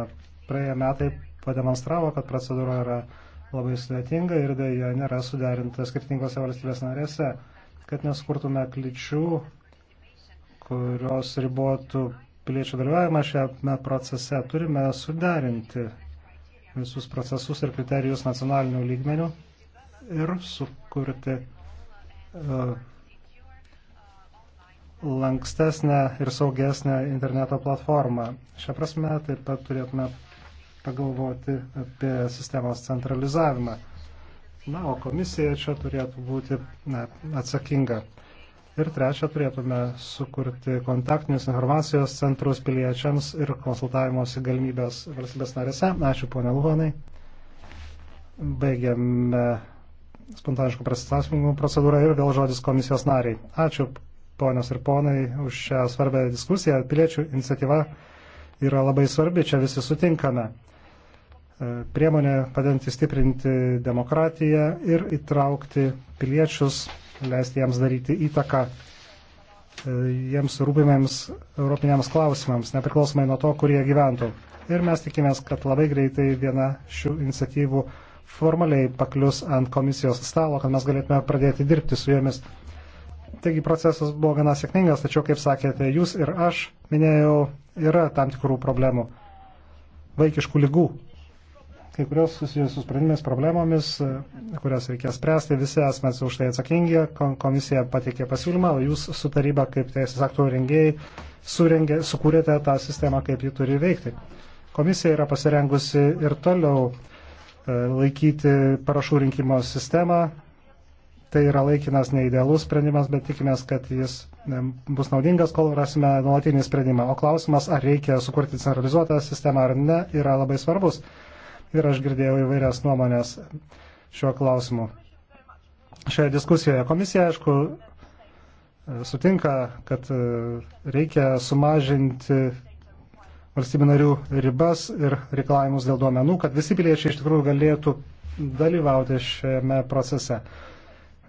Praėję metai pademonstravo, kad procedūra yra labai sudėtinga ir dėja nėra suderinta skirtingose valstybės narėse, kad neskurtume kličių, kurios ribotų piliečių dalyvavimą šiame procese. Turime suderinti visus procesus ir kriterijus nacionalinių lygmenių ir sukurti uh, lankstesnę ir saugesnę interneto platformą. Šią prasme taip pat turėtume pagalvoti apie sistemos centralizavimą. Na, o komisija čia turėtų būti na, atsakinga. Ir trečia, turėtume sukurti kontaktinius informacijos centrus piliečiams ir konsultavimosi galimybės valstybės narėse. Ačiū, ponė Luhonai. Baigiame spontaniškų prasistasimų procedūrą ir vėl žodis komisijos nariai. Ačiū, ponios ir ponai, už šią svarbę diskusiją. Piliečių iniciatyva yra labai svarbi, čia visi sutinkame. E, priemonė padinti stiprinti demokratiją ir įtraukti piliečius, leisti jiems daryti įtaką e, jiems rūpimiems europiniams klausimams, nepriklausomai nuo to, kur jie gyventų. Ir mes tikimės, kad labai greitai viena šių iniciatyvų formaliai paklius ant komisijos stalo, kad mes galėtume pradėti dirbti su jomis. Taigi procesas buvo gana sėkmingas, tačiau, kaip sakėte, jūs ir aš minėjau, yra tam tikrų problemų, vaikiškų lygų, kai kurios susijusios su sprendimės problemomis, kurias reikės spręsti, visi esame už tai atsakingi, komisija pateikė pasiūlymą, jūs su taryba kaip teisės aktų rengėjai surengė, sukūrėte tą sistemą, kaip ji turi veikti. Komisija yra pasirengusi ir toliau e, laikyti parašų rinkimo sistemą, Tai yra laikinas neįdėlus sprendimas, bet tikimės, kad jis e, bus naudingas, kol rasime nuolatinį sprendimą. O klausimas, ar reikia sukurti centralizuotą sistemą ar ne, yra labai svarbus. Ir aš girdėjau įvairias nuomonės šiuo klausimu. Šioje diskusijoje komisija, aišku, e, sutinka, kad e, reikia sumažinti valstybių narių ribas ir reikalavimus dėl duomenų, kad visi piliečiai iš tikrųjų galėtų dalyvauti šiame procese.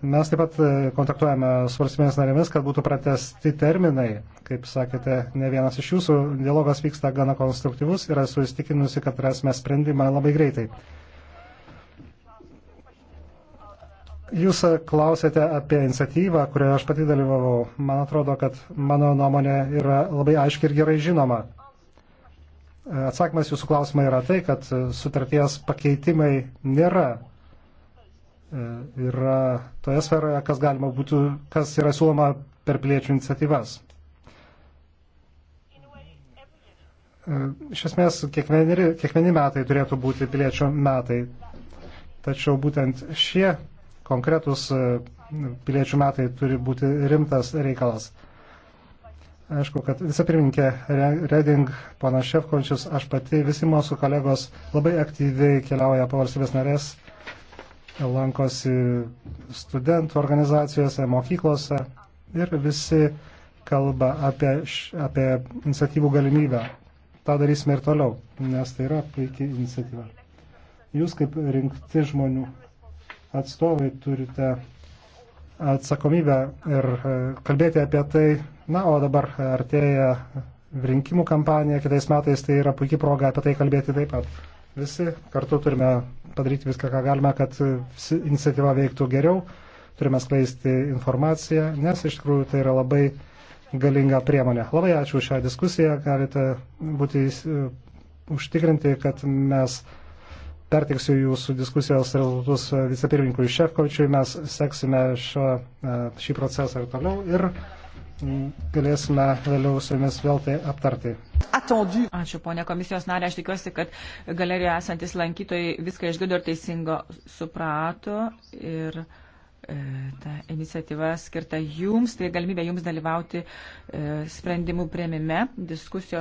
Mes taip pat e, kontaktuojame su valstybės narėmis, kad būtų pratesti terminai. Kaip sakėte, ne vienas iš jūsų dialogas vyksta gana konstruktyvus ir esu įstikinusi, kad rasime sprendimą labai greitai. Jūs e, klausėte apie iniciatyvą, kurioje aš pati dalyvavau. Man atrodo, kad mano nuomonė yra labai aiški ir gerai žinoma. E, atsakymas jūsų klausimą yra tai, kad sutarties pakeitimai nėra E, yra toje sferoje, kas galima būtų, kas yra siūloma per piliečių iniciatyvas. E, iš esmės, kiekvieni, kiekvieni metai turėtų būti piliečių metai. Tačiau būtent šie konkretus e, piliečių metai turi būti rimtas reikalas. Aišku, kad visa pirmininkė Reding, pana Šefkovičius, aš pati, visi mūsų kolegos labai aktyviai keliauja po valstybės narės lankosi studentų organizacijose, mokyklose ir visi kalba apie, apie iniciatyvų galimybę. Ta darysime ir toliau, nes tai yra puikiai iniciatyva. Jūs kaip rinkti žmonių atstovai turite atsakomybę ir e, kalbėti apie tai. Na, o dabar artėja rinkimų kampanija, kitais metais tai yra puikia proga apie tai kalbėti taip pat. Visi kartu turime padaryti viską, ką galime, kad iniciatyva veiktų geriau, turime skleisti informaciją, nes iš tikrųjų tai yra labai galinga priemonė. Labai ačiū už šią diskusiją, galite būti e, užtikrinti, kad mes pertiksiu jūsų diskusijos rezultatus vicepirmininkui Šefkovičiui, mes seksime šio, e, šį procesą ir toliau. Ir galėsime vėliau su jumis vėl tai aptarti.
Ačiū, ponė komisijos narė. Aš tikiuosi, kad galerijoje esantis lankytojai viską išgirdo ir teisingo suprato. Ir e, ta iniciatyva skirta jums, tai galimybė jums dalyvauti e, sprendimų prieimime, diskusijos.